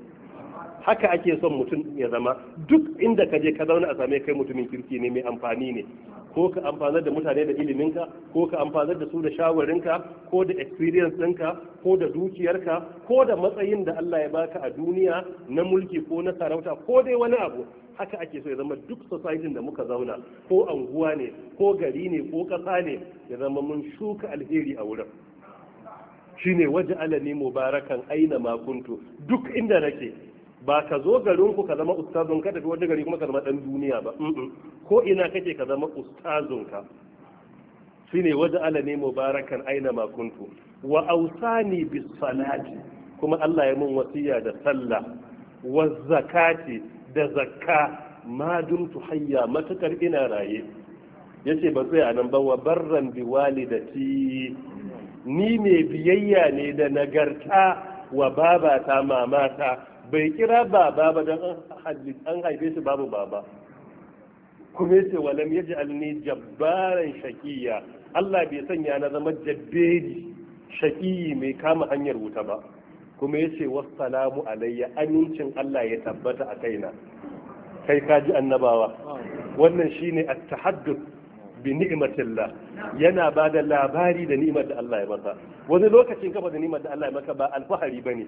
haka ake son mutum ya zama duk inda ka je ka zauna a same kai mutumin kirki ne mai amfani ne ko ka amfanar da mutane da iliminka ko ka amfanar da su da shawarinka ko da experience ɗinka ko da dukiyarka ko da matsayin da Allah ya baka a duniya na mulki ko na sarauta ko dai wani abu haka ake so ya zama duk society da muka zauna ko anguwa ne ko gari ne ko ƙasa ne ya zama mun shuka alheri a wurin shine waje alani mubarakan aina makuntu duk inda nake ba ka zo garinku ka zama ustazun da tafi wani gari kuma ka zama ɗan duniya ba ko ina kake ka zama ustazun ka shine waje ne mubarakan aina Makuntu. wa ausani bis salati kuma Allah ya mun wasiya da sallah wa zakati da zakka ma dumtu hayya matakar ina raye yace ba tsaya nan ba wa barran bi walidati ni mai biyayya ne da nagarta wa babata mamata bai kira baba ba don an haife shi babu baba kuma yace walam alni jabbaran shaqiya Allah bai sanya na zama jabbeji shakiyi mai kama hanyar wuta ba kuma yace wassalamu alayya amincin Allah ya tabbata a kaina kai kaji annabawa wannan shine at tahaddud bi ni'matillah yana ba da labari da ni'mar da Allah ya masa wani lokacin kafa da ni'mar da Allah ya maka ba alfahari bane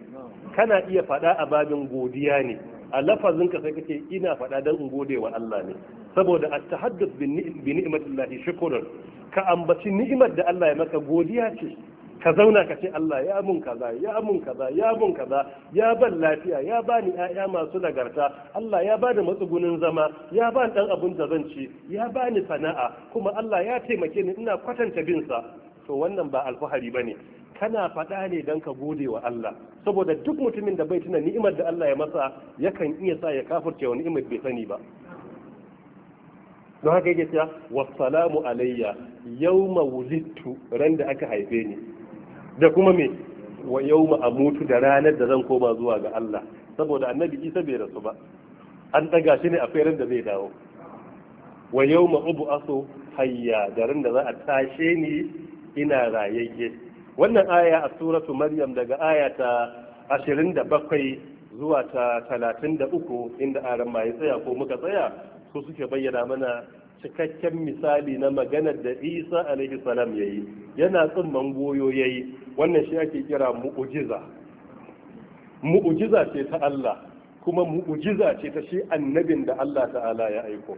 kana iya faɗa a babin godiya ne a lafazin ka sai kace ina faɗa dan in gode wa Allah ne saboda a tahadduth bi ni'matillah shukran ka ambaci ni'mar da Allah ya maka godiya ce ka zauna ka ce Allah ya mun kaza ya mun kaza ya mun kaza ya ban lafiya ya bani ƴaƴa masu nagarta Allah ya bani matsugunin zama ya bani dan abun da zan ci ya bani sana'a kuma Allah ya taimake ni ina kwatanta bin sa to wannan ba alfahari bane kana faɗa ne dan ka gode wa Allah saboda duk mutumin da bai tuna ni'imar da Allah ya masa yakan iya sa ya kafirce wani ni'imar bai sani ba don haka yake cewa wassalamu alayya yawma wulidtu ran da aka haife ni da kuma me wa a mutu da ranar da zan koma zuwa ga Allah saboda annabi Isa bai rasu ba an ɗaga shi ne a ran da zai dawo wa ubu asu hayya da ran da za a tashe ni ina rayayye wannan aya a suratu maryam daga aya ta 27 zuwa ta 33 inda aran mai ya tsaya ko muka tsaya su suke bayyana mana cikakken misali na maganar da isa alaihi salam ya yi yana tsimman goyo ya yi wannan shi ake kira mu'ujiza mu'ujiza ce ta Allah kuma mu'ujiza ce ta shi annabin da Allah ta'ala ya aiko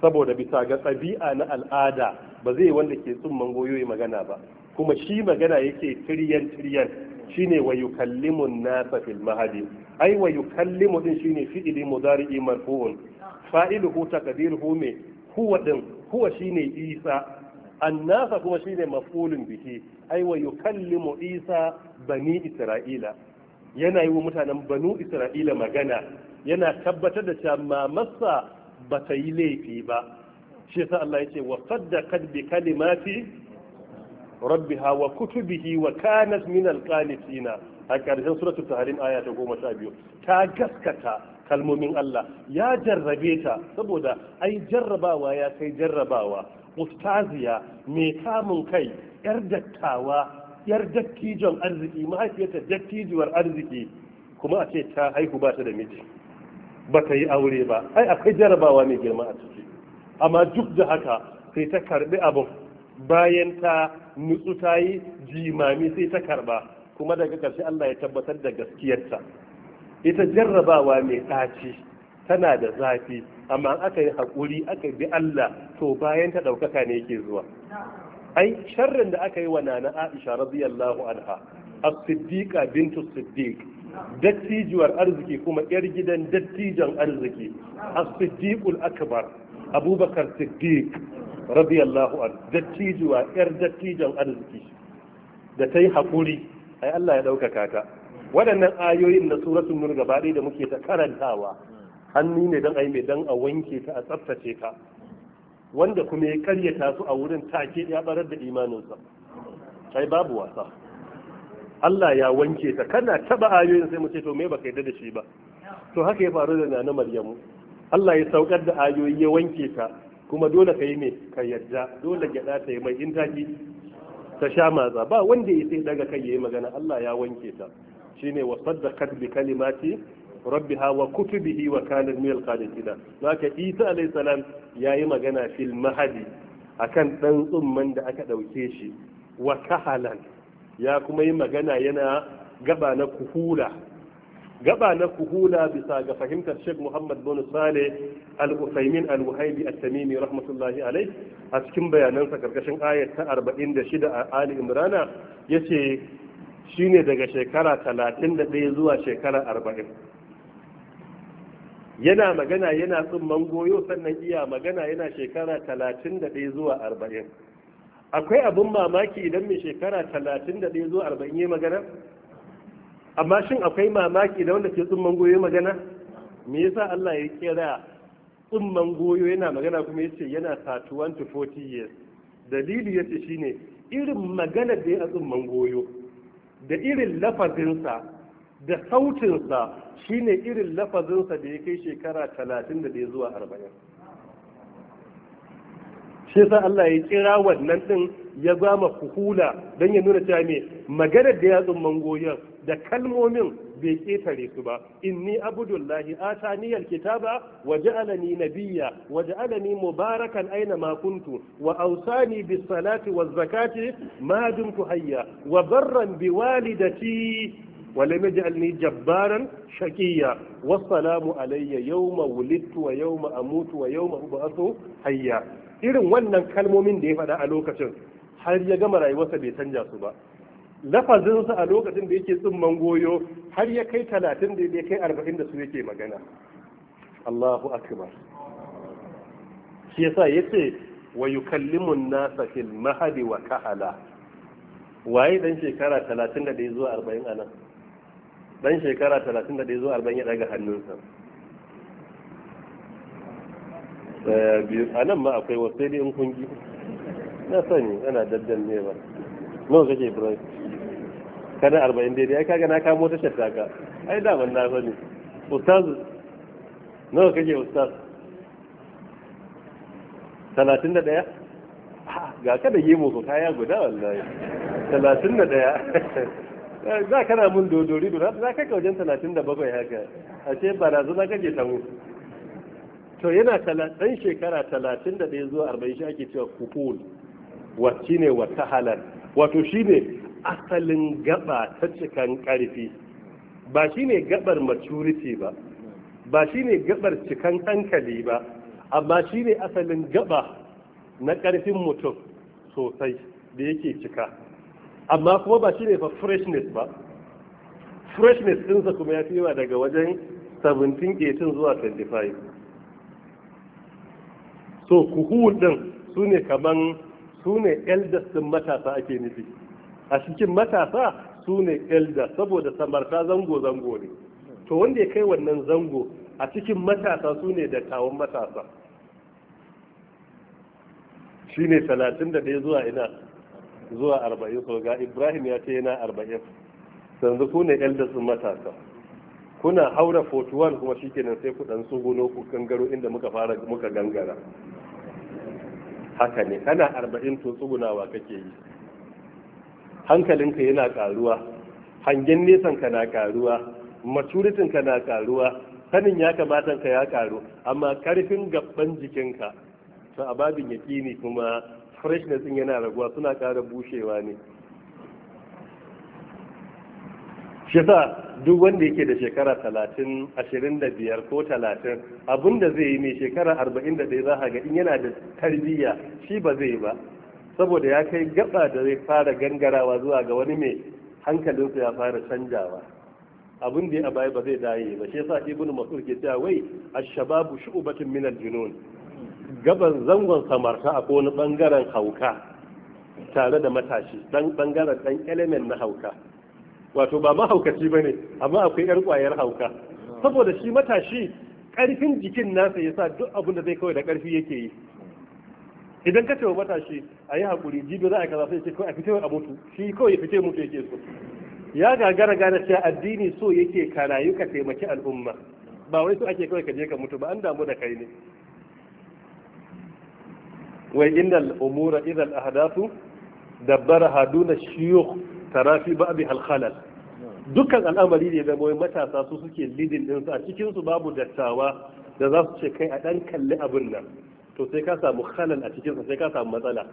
saboda bisa ga ɗabi'a na al'ada ba zai wanda ke tsumman goyoyi magana ba kuma shi magana yake tiriyan tiriyan shine wa yukallimu nasa fil mahadi ai wa yukallimu din shine fi'ili mudari'i marfu'un fa'iluhu taqdiruhu me huwa din huwa shine isa annasa kuma shine maf'ulun biki ai wa yukallimu isa bani isra'ila yana yi wa mutanen banu isra'ila magana yana tabbatar da cewa mamarsa ba ta yi laifi ba shi yasa Allah yace wa saddaqat bi kalimati rabbiha wa kutubihi wa kanat min alqanitina a ƙarshen suratul tahrim aya ta biyu ta gaskata kalmomin Allah ya jarrabe ta saboda ai jarrabawa ya kai jarrabawa mustaziya mai kamun kai yar dattawa yar dattijon arziki mahaifiyarta dattijuwar arziki kuma a ce ta haihu ba ta da miji ba ta yi aure ba ai akwai jarabawa mai girma a ciki amma duk da haka sai ta karbi abin bayan ta nutsu ta yi jimami sai ta karba kuma daga ƙarshe Allah ya tabbatar da gaskiyarta ita jarrabawa mai ɗaci tana da zafi amma aka yi haƙuri aka bi Allah to bayan ta ɗaukaka ne yake zuwa ai sharrin da aka yi wa nana Aisha radiyallahu anha as-siddiqa bintu siddiq dattijuwar arziki kuma yar gidan dattijan arziki as-siddiqul akbar abubakar siddiq radiyallahu an dattijuwa yar dattijan arziki da ta yi haƙuri ai Allah ya ɗaukaka ta waɗannan ayoyin na suratun nur gaba da muke ta karantawa hannu ne don a yi mai don a wanke ta a tsaftace ka wanda kuma ya karyata su a wurin take ya barar da imaninsa sai babu wasa Allah ya wanke ta kana taba ayoyin sai mu ce to me baka yarda da shi ba to haka ya faru da nana Maryamu Allah ya saukar da ayoyi ya wanke ta kuma dole ka yi mai ka yarda dole gyada ta yi mai in taki ta sha matsa ba wanda ya sai daga kai ya yi magana Allah ya wanke ta shine wa saddaqat bi kalimati rabbiha wa kutubihi wa kanin mil qanitina haka isa alayhi salam yayi magana fil mahadi akan ɗan tsumman da aka ɗauke shi wa kahalan ya kuma yi magana yana gaba na kuhula gaba na kuhula bisa ga fahimtar Sheikh Muhammad bin Saleh Al-Utsaimin Al-Wahibi At-Tamimi rahmatullahi alayh a cikin bayanansa karkashin ayat ta 46 a Ali yace shine daga shekara 31 zuwa shekara arba'in. yana magana yana tsumman goyo sannan iya magana yana shekara talatin da ɗaya zuwa arba'in akwai abin mamaki idan mai shekara talatin da ɗaya zuwa arba'in ya magana amma shin akwai mamaki idan wanda ke tsumman goyo magana me yasa Allah ya kira tsumman goyo yana magana kuma yace yana 31 to 40 years dalili yace shine irin magana da ya tsumman goyo da irin lafazinsa da sautinsa shine irin lafazinsa da ya kai shekara talatin da ɗaya zuwa arba'in shi sa Allah ya kira wannan din ya zama kuhula don ya nuna cewa me maganar da yatsun mangoyar da kalmomin bai ƙetare su ba inni abudullahi ataniyal waje wa ja'alani nabiyya wa ja'alani mubarakan aina makuntu kuntu wa awsani bis salati waz zakati ma dumtu hayya wa barran bi walidati ولم يجعلني جبارا شقيا والسلام علي يوم ولدت ويوم اموت ويوم ابعث حيا irin wannan kalmomin da ya faɗa a lokacin har ya gama rayuwarsa bai canja su ba lafazinsa a lokacin da yake tsumman goyo har ya kai talatin da ya kai arba'in da su yake magana Allahu akbar shi yasa yace wa yukallimun nasa fil mahadi wa kahala waye dan shekara 31 zuwa 40 anan dan shekara 31 zuwa arba'in ya daga hannunsa eh, a nan ma akwai wasu sai in kungi na sani yana daddan ne ba nawa kake ibrahim kada 40 daidai ai kaga na kamo ta ka ai daman na sani ustaz nawa kake ustaz 31 ga kada gemu ko kaya guda wallahi 31 za ka na mun dodori dora za ka ka wajen talatin da bakwai haka a ce ba za ka ta mu to yana ɗan shekara talatin da ɗaya zuwa arba'in shi ake cewa kukul wacce ne wata halar wato shi ne asalin gaba ta cikan ƙarfi ba shi ne gabar maturity ba ba shi ne gabar cikan hankali ba amma shi ne asalin gaba na ƙarfin mutum sosai da yake cika amma kuma ba shi ne fa freshness ba freshness ɗinsa kuma ya fi yawa daga wajen 17 18 zuwa 25 so kuhul ɗin su ne kaman su ne elders ɗin matasa ake nufi a cikin matasa su ne elders saboda samarta zango-zango ne to wanda ya kai wannan zango a cikin matasa su ne tawon matasa shi ne 31 zuwa ina zuwa arba'in so ga ibrahim ya ce yana arba'in Sanzu ku ne sun matasa kuna haura 41 kuma shikenan sai ku ɗansu tsuguno ku gangaro inda muka fara muka gangara haka ne kana arba'in to tsugunawa kake yi hankalinka yana karuwa hangen nesan ka na karuwa maturitin ka na karuwa sanin ya kamata ka ya karu amma karfin gaban jikinka to ababin yaqini kuma freshness din yana raguwa suna kara bushewa ne shi sa duk wanda yake da shekara talatin ashirin da biyar ko talatin abin da zai yi mai shekara arba'in da za a ga in yana da tarbiyya shi ba zai ba saboda ya kai gaba da zai fara gangarawa zuwa ga wani mai hankalinsa ya fara canjawa abin da ya baya ba zai daye ba shi yasa ibn mas'ud ke cewa wai ash-shababu shu'batun min al-junun gaban zangon samarta a wani bangaren hauka tare da matashi dan bangaren dan element na hauka wato ba mahaukaci ba ne amma akwai yar kwayar hauka saboda shi matashi karfin jikin nasa ya sa duk abin da zai kawai da karfi yake yi idan ka cewa matashi a yi haƙuri jibi za a kaza sai ce kawai a fito a mutu shi kawai ya fito mutu yake so ya gagara gane cewa addini so yake ka rayu ka taimaki al'umma ba wai so ake kawai ka je ka mutu ba an damu da kai ne wai innal umura idan ahdathu dabbara haduna shiyukh tarafi ba hal khalal dukkan al'amari ne da wai matasa su suke leading din su a cikin su babu dattawa da za su ce kai a dan kalli abin nan to sai ka samu khalal a cikin sa sai ka samu matsala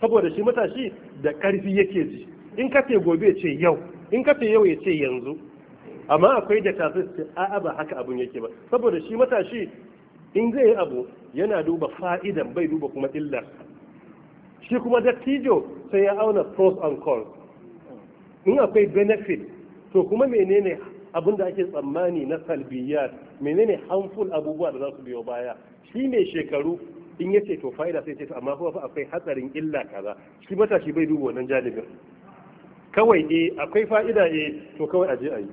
saboda shi matashi da karfi yake ji in ka ce gobe ce yau in ka ce yau ya ce yanzu amma akwai da tafi a'a ba haka abun yake ba saboda shi matashi in zai yi abu yana duba fa'idan bai duba kuma illar shi kuma dattijo sai ya auna pros and cons in akwai benefit to kuma menene abin da ake tsammani na salbiyar menene harmful abubuwa da za su biyo baya shi mai shekaru in yace to fa'ida sai ce to amma fa akwai hatsarin illa kaza shi matashi bai duba wannan jalibin kawai eh akwai fa'ida eh to kawai aje a yi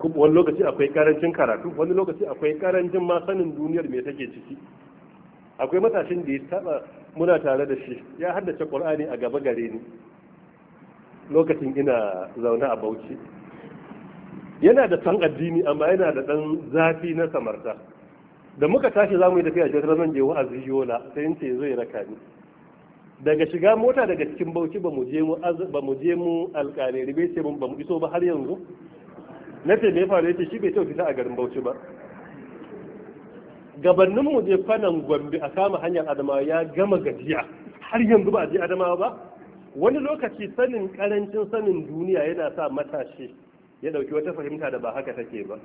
kuma wani lokaci akwai karancin karatu wani lokaci akwai karancin ma sanin duniyar me take ciki akwai matashin da ya taba muna tare da shi ya haddace qur'ani a gaba gare ni lokacin ina zaune a Bauchi yana da san addini amma yana da dan zafi na samarta da muka tashi za mu yi tafiya jirgin zan je wa'azi yola sai in ce zai raka ni daga shiga mota daga cikin bauchi ba mu je mu ba mu je bai ce mun ba mu iso ba har yanzu na ce mai faru yake shi bai taɓa fita a garin Bauchi ba gabanin mu je fanan Gombe a kama hanyar Adamawa ya gama gajiya har yanzu ba a je Adamawa ba wani lokaci sanin karancin sanin duniya yana sa matashi ya dauki wata fahimta da ba haka take ba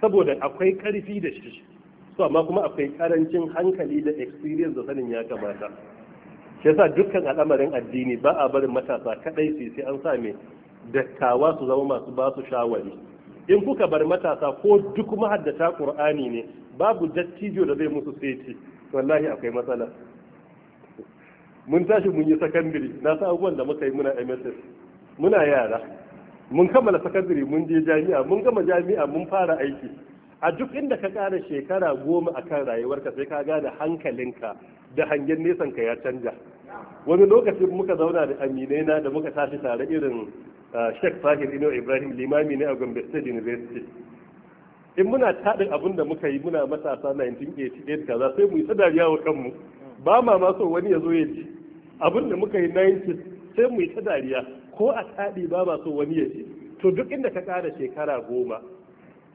saboda akwai karfi da shi so amma kuma akwai karancin hankali da experience da sanin ya kamata shi yasa dukkan al'amarin addini ba a barin matasa kadai sai an sa mai dattawa su zama masu ba su shawari in kuka bar matasa ko duk mahaddata qur'ani ne babu dattijo da zai musu saiti wallahi akwai matsala mun tashi mun yi sakandare na sa abubuwan da muka yi muna MSS muna yara mun kammala sakandare mun je jami'a mun gama jami'a mun fara aiki a duk inda ka ƙara shekara goma a kan rayuwarka sai ka gane hankalinka da hangen nesanka ya canja wani lokacin muka zauna da aminaina da muka tashi tare irin Sheikh Fahim Ino Ibrahim limami ne a Gombe State University in muna taɗin abin da muka yi muna matasa 1988 kaza sai mu yi dariya wa kanmu ba ma ma so wani ya zo ya ji abin da muka yi 90 sai mu yi dariya. ko a taɗi ba ma so wani ya ji to duk inda ka ƙara shekara goma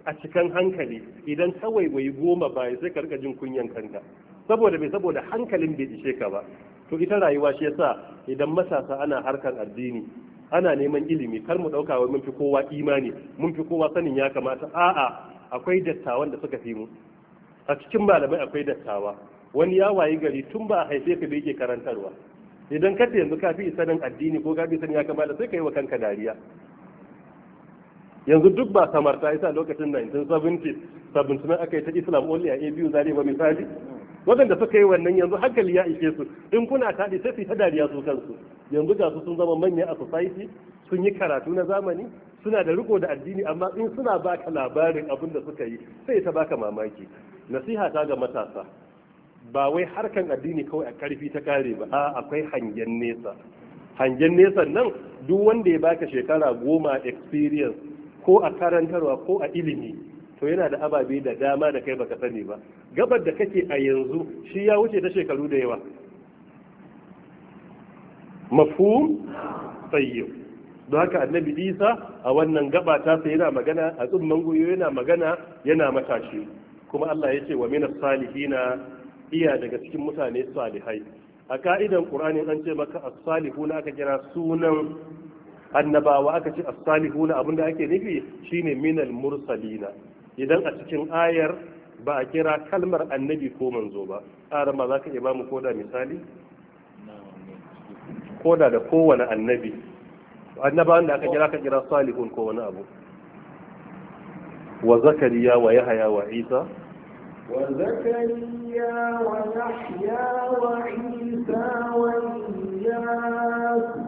a cikin hankali idan kawai bai goma ba sai ka rika jin kunyan kanka saboda bai saboda hankalin bai ishe ka ba to ita rayuwa shi yasa idan matasa ana harkar addini ana neman ilimi kar mu dauka wai mun fi kowa imani mun fi kowa sanin ya kamata a'a akwai dattawan da suka fi mu a cikin malamai akwai dattawa wani ya wayi gari tun ba a haife ka bai ke karantarwa idan ka yanzu ka fi sanin addini ko ka fi sanin ya kamata sai ka yi wa kanka dariya yanzu duk ba samarta isa lokacin 1970 sabuntunan aka yi ta islam only a abu zare ba misali waɗanda suka yi wannan yanzu hankali ya ishe su in kuna taɗi sai su ta dariya su kansu yanzu ga su sun zama manya a society sun yi karatu na zamani suna da riko da addini amma in suna baka labarin abin da suka yi sai ta baka mamaki nasiha ta ga matasa ba wai harkan addini kawai a karfi ta kare ba a akwai hangen nesa hangen nesa nan duk wanda ya baka shekara goma experience ko a karantarwa ko a ilimi to yana da ababe da dama da kai baka sani ba gabar da kake a yanzu shi ya wuce ta shekaru da yawa mafhum tsaye. don haka annabi isa a wannan gaba ta sai yana magana a tsumman goyo yana magana yana matashi kuma Allah ya ce wa minas salihina iya daga cikin mutane salihai a ka'idan qur'anin an ce maka as-salihuna aka kira sunan annabawa aka ce as-salihuna abinda ake nufi shine minal mursalina idan a cikin ayar ba a kira kalmar annabi ko manzo ba ƙaran ba za ka iya ba mu koda misali koda da kowane annabi annabawan da aka kira ka kira salihun ko wani abu wa zakariya wa yahaya wa isa wa ويحيى وعيسى والياس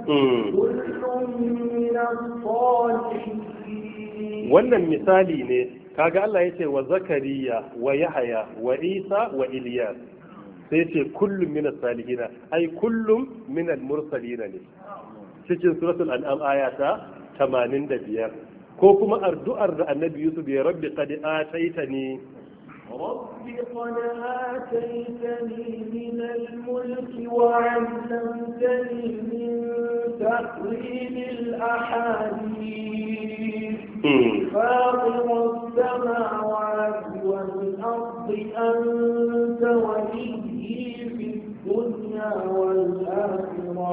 كل من salihin wannan misali ne kaga Allah ya ce wa zakariya wa yahaya wa isa wa ilyas sai yace kullum min salihina ai kullum min al-mursalina ne cikin suratul an'am ayata 85 ko kuma addu'ar da annabi yusuf ya rabbi qad ataitani رب قد آتيتني من الملك وعلمتني من تأويل الأحاديث فاطر السماوات والأرض أنت وليه في الدنيا والآخرة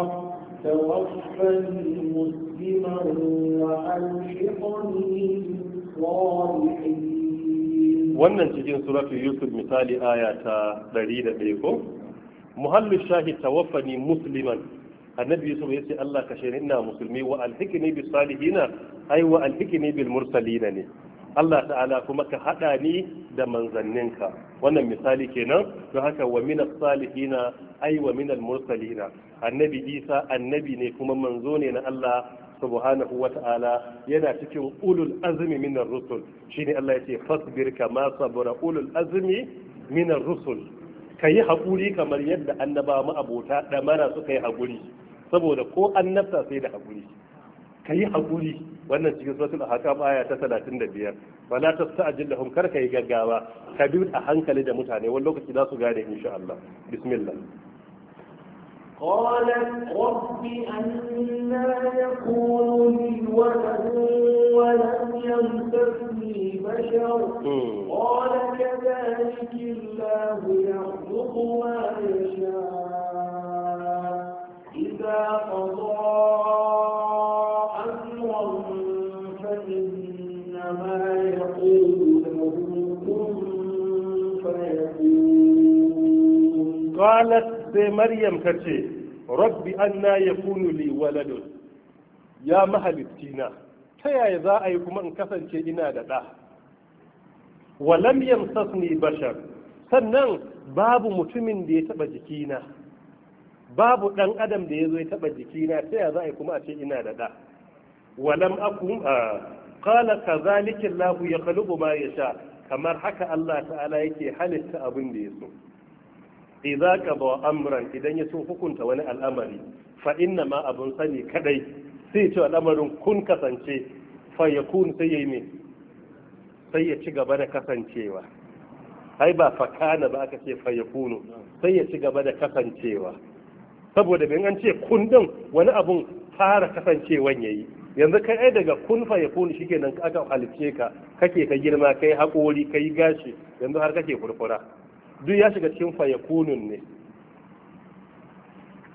توفني مسلما وألحقني بالصالحين wannan cikin suratul yusuf misali aya ta 101 ko muhallu shahi tawaffani musliman annabi yusuf ya ce Allah ka shirin ina musulmi wa alhikini bi salihina ai wa bil mursalina ne Allah ta'ala kuma ka hada ni da manzanninka wannan misali kenan don haka wa minas salihina ai wa minal mursalina annabi isa annabi ne kuma manzo ne na Allah subhanahu wata'ala yana cikin ulul azumi minar rusul shine Allah yace fasbir kama sabara ulul azumi minar rusul kayi hakuri kamar yadda annaba mu abota da mara suka yi hakuri saboda ko annabta sai da hakuri kayi hakuri wannan cikin suratul ahqaf aya ta 35 wala tasta'jil lahum kar kai gaggawa ka bi a hankali da mutane wani lokaci za su gane insha Allah bismillah قالت رب أنا يكون لي ولد ولم يمسسني بشر قال كذلك الله يخلق ما يشاء إذا قضى أمرا فإنما يقول له كن فيكون قالت sai maryam ta ce rabbi anna yakunu li waladun ya mahalittina ta yaya za a yi kuma in kasance ina da ɗa walam yamsasni bashar sannan babu mutumin da ya taɓa jikina babu ɗan adam da ya zo ya taɓa jikina ta yaya za a yi kuma a ce ina da ɗa walam aku qala kadhalika Allah ya ma yasha kamar haka Allah ta'ala yake halitta abin da ya so idza qada amran idan ya so hukunta wani al'amari fa inna ma abun sani kadai sai ce al'amarin kun kasance fa yakun sai yi sai ya ci gaba da kasancewa ai ba fa kana ba aka ce fa yakunu sai ya ci gaba da kasancewa saboda bin an ce kun din wani abun fara kasancewan yayi yanzu kai ai daga kun fa yakunu shikenan aka halicce ka kake ka girma kai haƙori kai gashi yanzu har kake furfura duk ya shiga cikin fayakunun ne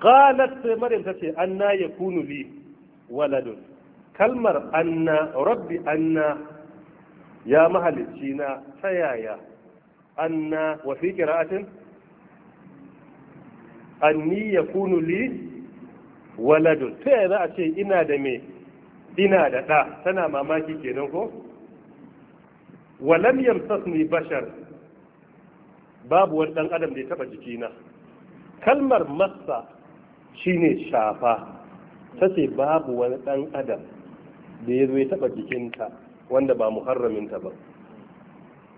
qalat sai maryam tace anna yakunu li waladun kalmar anna rabbi anna ya mahalicci na ta yaya anna wa fi qira'atin anni yakunu li waladun ta yaya za a ce ina da me ina da da tana mamaki kenan ko walam yamsasni bashar babu wani ɗan adam da ya taba jikina kalmar massa shine shafa ta ce babu wani ɗan adam da ya zo ya taɓa jikinta wanda ba muharraminta ba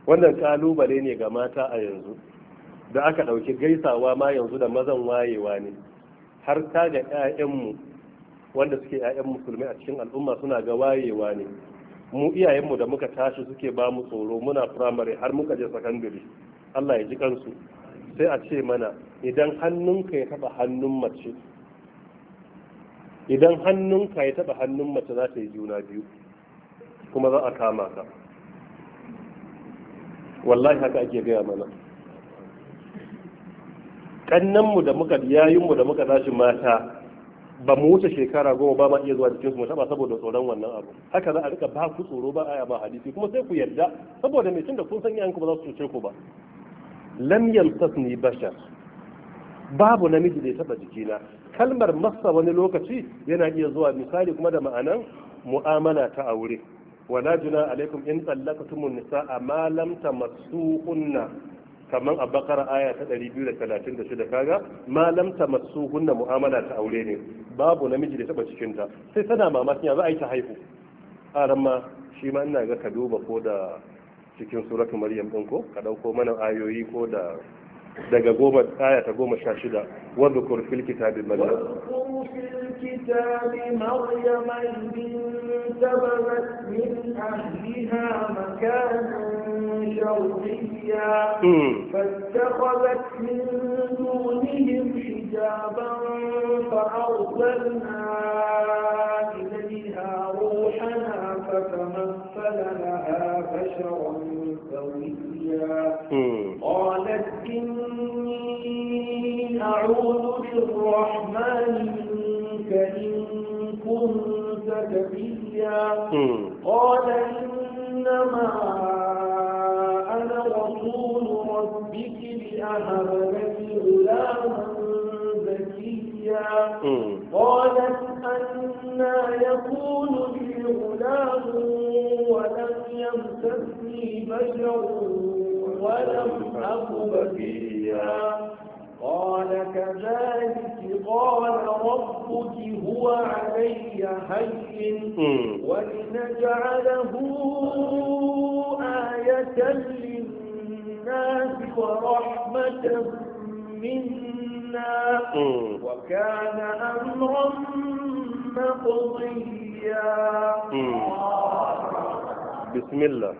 wannan kalubale ne ga mata a yanzu da aka ɗauki gaisawa ma yanzu da mazan wayewa ne har ta ga 'ya'yanmu wanda suke 'ya'yan musulmi a cikin al'umma suna ga wayewa ne mu iyayenmu da muka tashi suke ba mu tsoro muna firamare har muka je sakandare Allah ya ji kansu sai a ce mana idan hannunka ya taba hannun mace idan hannunka ya taba hannun mace za ta yi juna biyu kuma za a kama ka wallahi haka ake gaya mana kannanmu da muka yayinmu da muka tashi mata ba mu wuce shekara goma ba ma iya zuwa jikin mu ba saboda tsoron wannan abu haka za a rika ba ku tsoro ba a ba hadisi kuma sai ku yarda saboda mai tunda kun san yayanku ba za su cuce ku ba lam yamsasni bashar babu namiji da ya taba jikina kalmar masa wani lokaci yana iya zuwa misali kuma da ma'anan mu'amala ta aure wala juna alaikum in tsallakatumun nisa'a ma lam tamassuhunna kamar a bakara aya ta 236 kaga malam ta masu hunna mu'amala ta aure ne babu namiji da taba cikin ta sai tana mamakin ya za a yi ta haihu a ma shi ma ina ga ka duba ko da cikin suratu maryam ɗin ko ka dauko mana ayoyi ko da daga goma aya ta goma sha shida wadda kurfil kitabin الكتاب مريم انتبذت من أهلها مكانا شرقيا فاتخذت من دونهم حجابا فأرسلنا إليها روحنا فتمثل لها بشرا سويا قالت إني أعوذ بالرحمن قال إنما أنا رسول ربك لأهب لك غلاما زكيا قالت أنا يكون لي غلام ولم يمسسني بشر ولم أك بكيا قال كذلك قال ربك هو علي هين ولنجعله آية للناس ورحمة منا وكان أمرا مقضيا بسم الله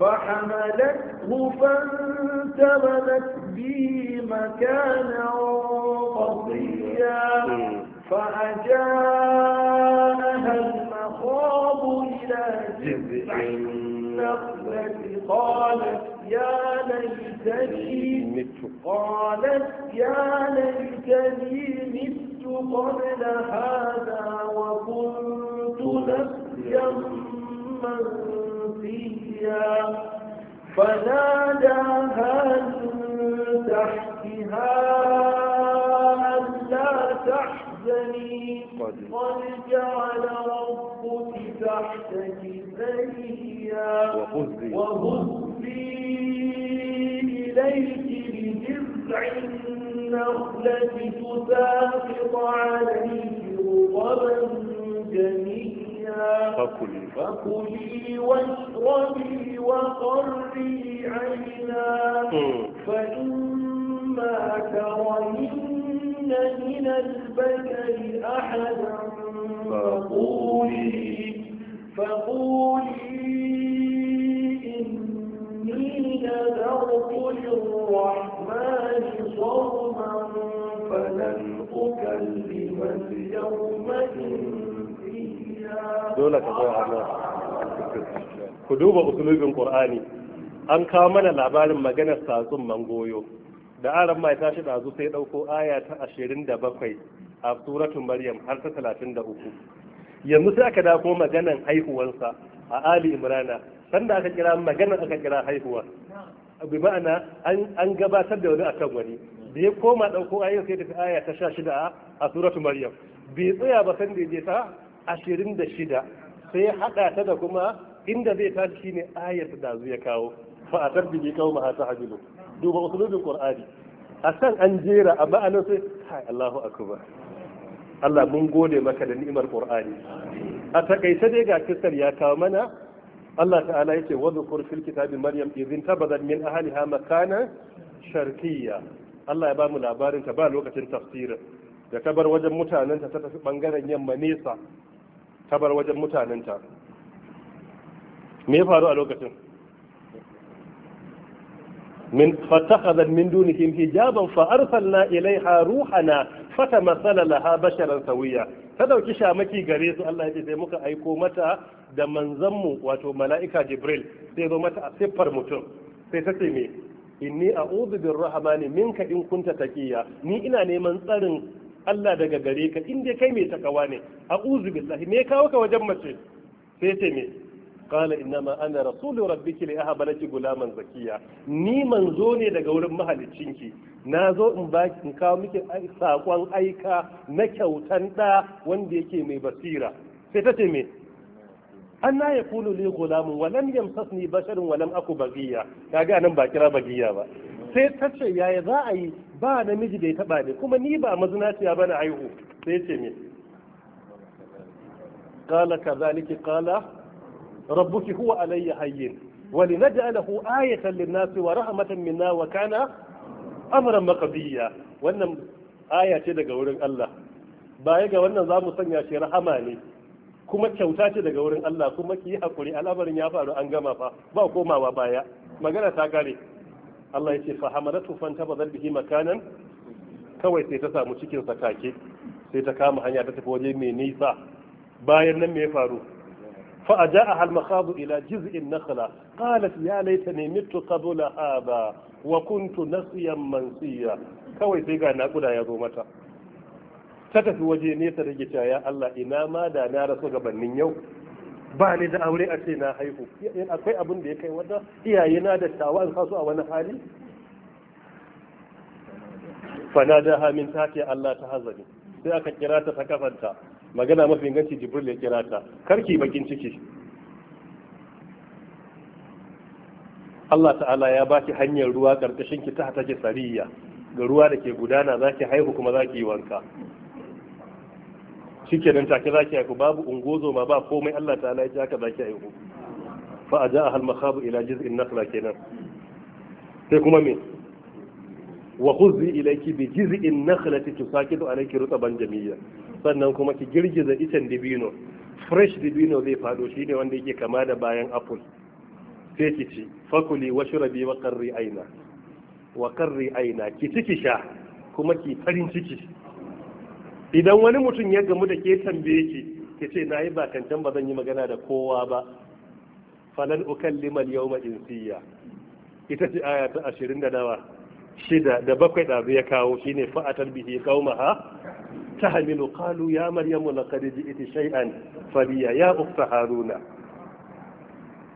فحملته فانتبذت به مكانا قصيا فأجاءها المخاض إلى جذع النخلة قالت يا ليتني قالت يا ليتني مت قبل هذا وكنت نسيا منسيا فناداها من تحتها ألا تحزني قد جعل ربك تحتك سريا وهزي إليك بجذع النخلة تساقط عليك رطبا جميلا لنا فكلي واشربي وقري عينا فإما ترين من البشر أحدا فقولي فقولي إني نذرت للرحمن صوما فلن أكلم اليوم dole ka tsaya nan ku duba usulubin qur'ani an kawo mana labarin maganar tsatsun mangoyo da aran mai tashi dazu sai dauko aya ta 27 a suratul maryam har ta 33 yanzu sai aka dako maganar haihuwarsa a ali imrana sanda aka kira maganar aka kira haihuwa bi ma'ana an gabatar da wani akan wani da ya koma dauko ayin sai ta aya ta 16 a suratul maryam bai tsaya ba san da ya je ta ashirin da shida sai ya haɗa ta da kuma inda zai tashi ne ayar da ya kawo fa a ne kawo mahasa hata duba usulubin qur'ani a san an jera a ma'anar sai kai Allahu akbar Allah mun gode maka da ni'imar qur'ani a takaice dai ga kisar ya kawo mana Allah ta'ala yake wa zukur fil kitabi maryam taba zan min ha makana sharqiyya Allah ya ba mu labarin ta ba lokacin tafsirin da ta bar wajen mutanenta ta tafi ɓangaren yamma nesa ta bar wajen mutanenta me ya faru a lokacin min fattakhadha min dunihim hijaban fa arsalna ilaiha ruhana fatamassala laha basharan sawiya ta dauki shamaki gare su Allah ya ce sai muka aiko mata da manzanmu wato mala'ika jibril sai zo mata a siffar mutum sai ta ce me inni a'udhu birrahmani minka in kunta taqiya ni ina neman tsarin Allah daga gare ka in dai kai mai takawa ne a'udhu billahi me kawo ka wajen mace sai ce me qala inna ma ana rasulu rabbiki li ahaba laki gulaman zakiya ni manzo ne daga wurin mahaliccinki na zo in ba ki kawo miki sakon aika na kyautan ɗa wanda yake mai basira sai ta ce me anna yakunu li gulamun wa lam yamsasni basharun wa lam aku bagiya kaga nan ba kira bagiya ba sai ta ce yaya za a yi ba namiji bai ya taba ne kuma ni ba mazinaciya bana aihu sai ce kala ka kadhalika kala rabbuki huwa alayya hayyin ولنجعله wa للناس minna wa kana أمرا مقضيا wannan aya ce daga wurin Allah baya ga wannan za mu sanya shi rahama ne kuma kyauta ce daga wurin Allah kuma ki yi hakuri al'amarin ya faru an gama fa ba komawa baya magana ta gare Allah ya ce fa hamalatu fantabazat bihi makanan kawai sai ta samu cikin sa sai ta kama hanya ta tafi waje mai nisa bayan nan me ya faru fa ajaaha al makhadu ila jiz'in nakhla qalat ya laitani mittu qabla hada wa kuntu nasiyan mansiya kawai sai ga nakuda ya zo mata ta tafi waje nesa da gita ya Allah ina ma da na rasu gabanin yau ba ni da aure a ce na haihu akwai abin da ya kai wata iyaye na da tawa in kasu a wani hali da hamin ta ke Allah ta hazari sai aka kira ta ta kafanta magana mafi inganci jibril ya kira ta karki bakin ciki Allah ta'ala ya baki hanyar ruwa karkashin ki ta take sariya ga ruwa da ke gudana za ki haihu kuma za ki yi wanka nan take zaki haihu babu ungozo ma ba komai Allah ta ta'ala ya haka zaki haihu fa ajaha hal makhabu ila jiz'in nakhla kenan sai kuma me wa khuzzi ilayki bi jiz'in nakhlati tusakitu alayki rutaban jamiyya sannan kuma ki girgiza itan dibino fresh dibino zai fado shi ne wanda yake kama da bayan apple sai ki ci fakuli washrabi wa qarri aina wa qarri aina ki ci ki sha kuma ki farin ciki idan wani mutum ya gamu da ke tambaye ki ke ce na yi bakancan ba zan yi magana da kowa ba falan ukallima al-yawma insiya ita ce aya ta da nawa shida da bakwai ɗazu ya kawo shi ne fa'atar bihi ta tahmilu Kalu ya maryamu na laqad iti shay'an fariya ya ukhta haruna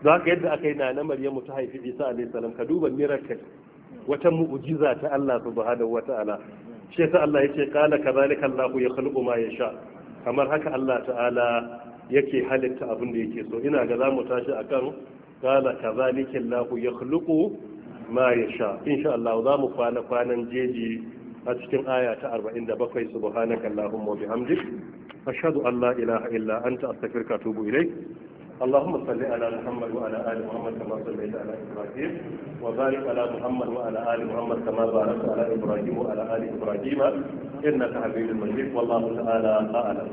za ka yadda aka yi na na maryamu ta haifi isa alayhi salam ka duba miracle wata mu'ujiza ta Allah subhanahu ala. shi yasa Allah yace qala kadhalika Allahu yakhluqu ma yasha kamar haka Allah ta'ala yake halitta abin da yake so ina ga zamu tashi akan qala kadhalika Allahu yakhluqu ma yasha insha Allah zamu kwana kwanan jeji a cikin aya ta 47 subhanaka Allahumma wa bihamdik ashhadu an la ilaha illa anta astaghfiruka wa atubu ilayk اللهم صل على محمد وعلى ال محمد كما صليت على ابراهيم وبارك على محمد وعلى ال محمد كما باركت على ابراهيم وعلى ال ابراهيم انك حميد مجيد والله تعالى اعلم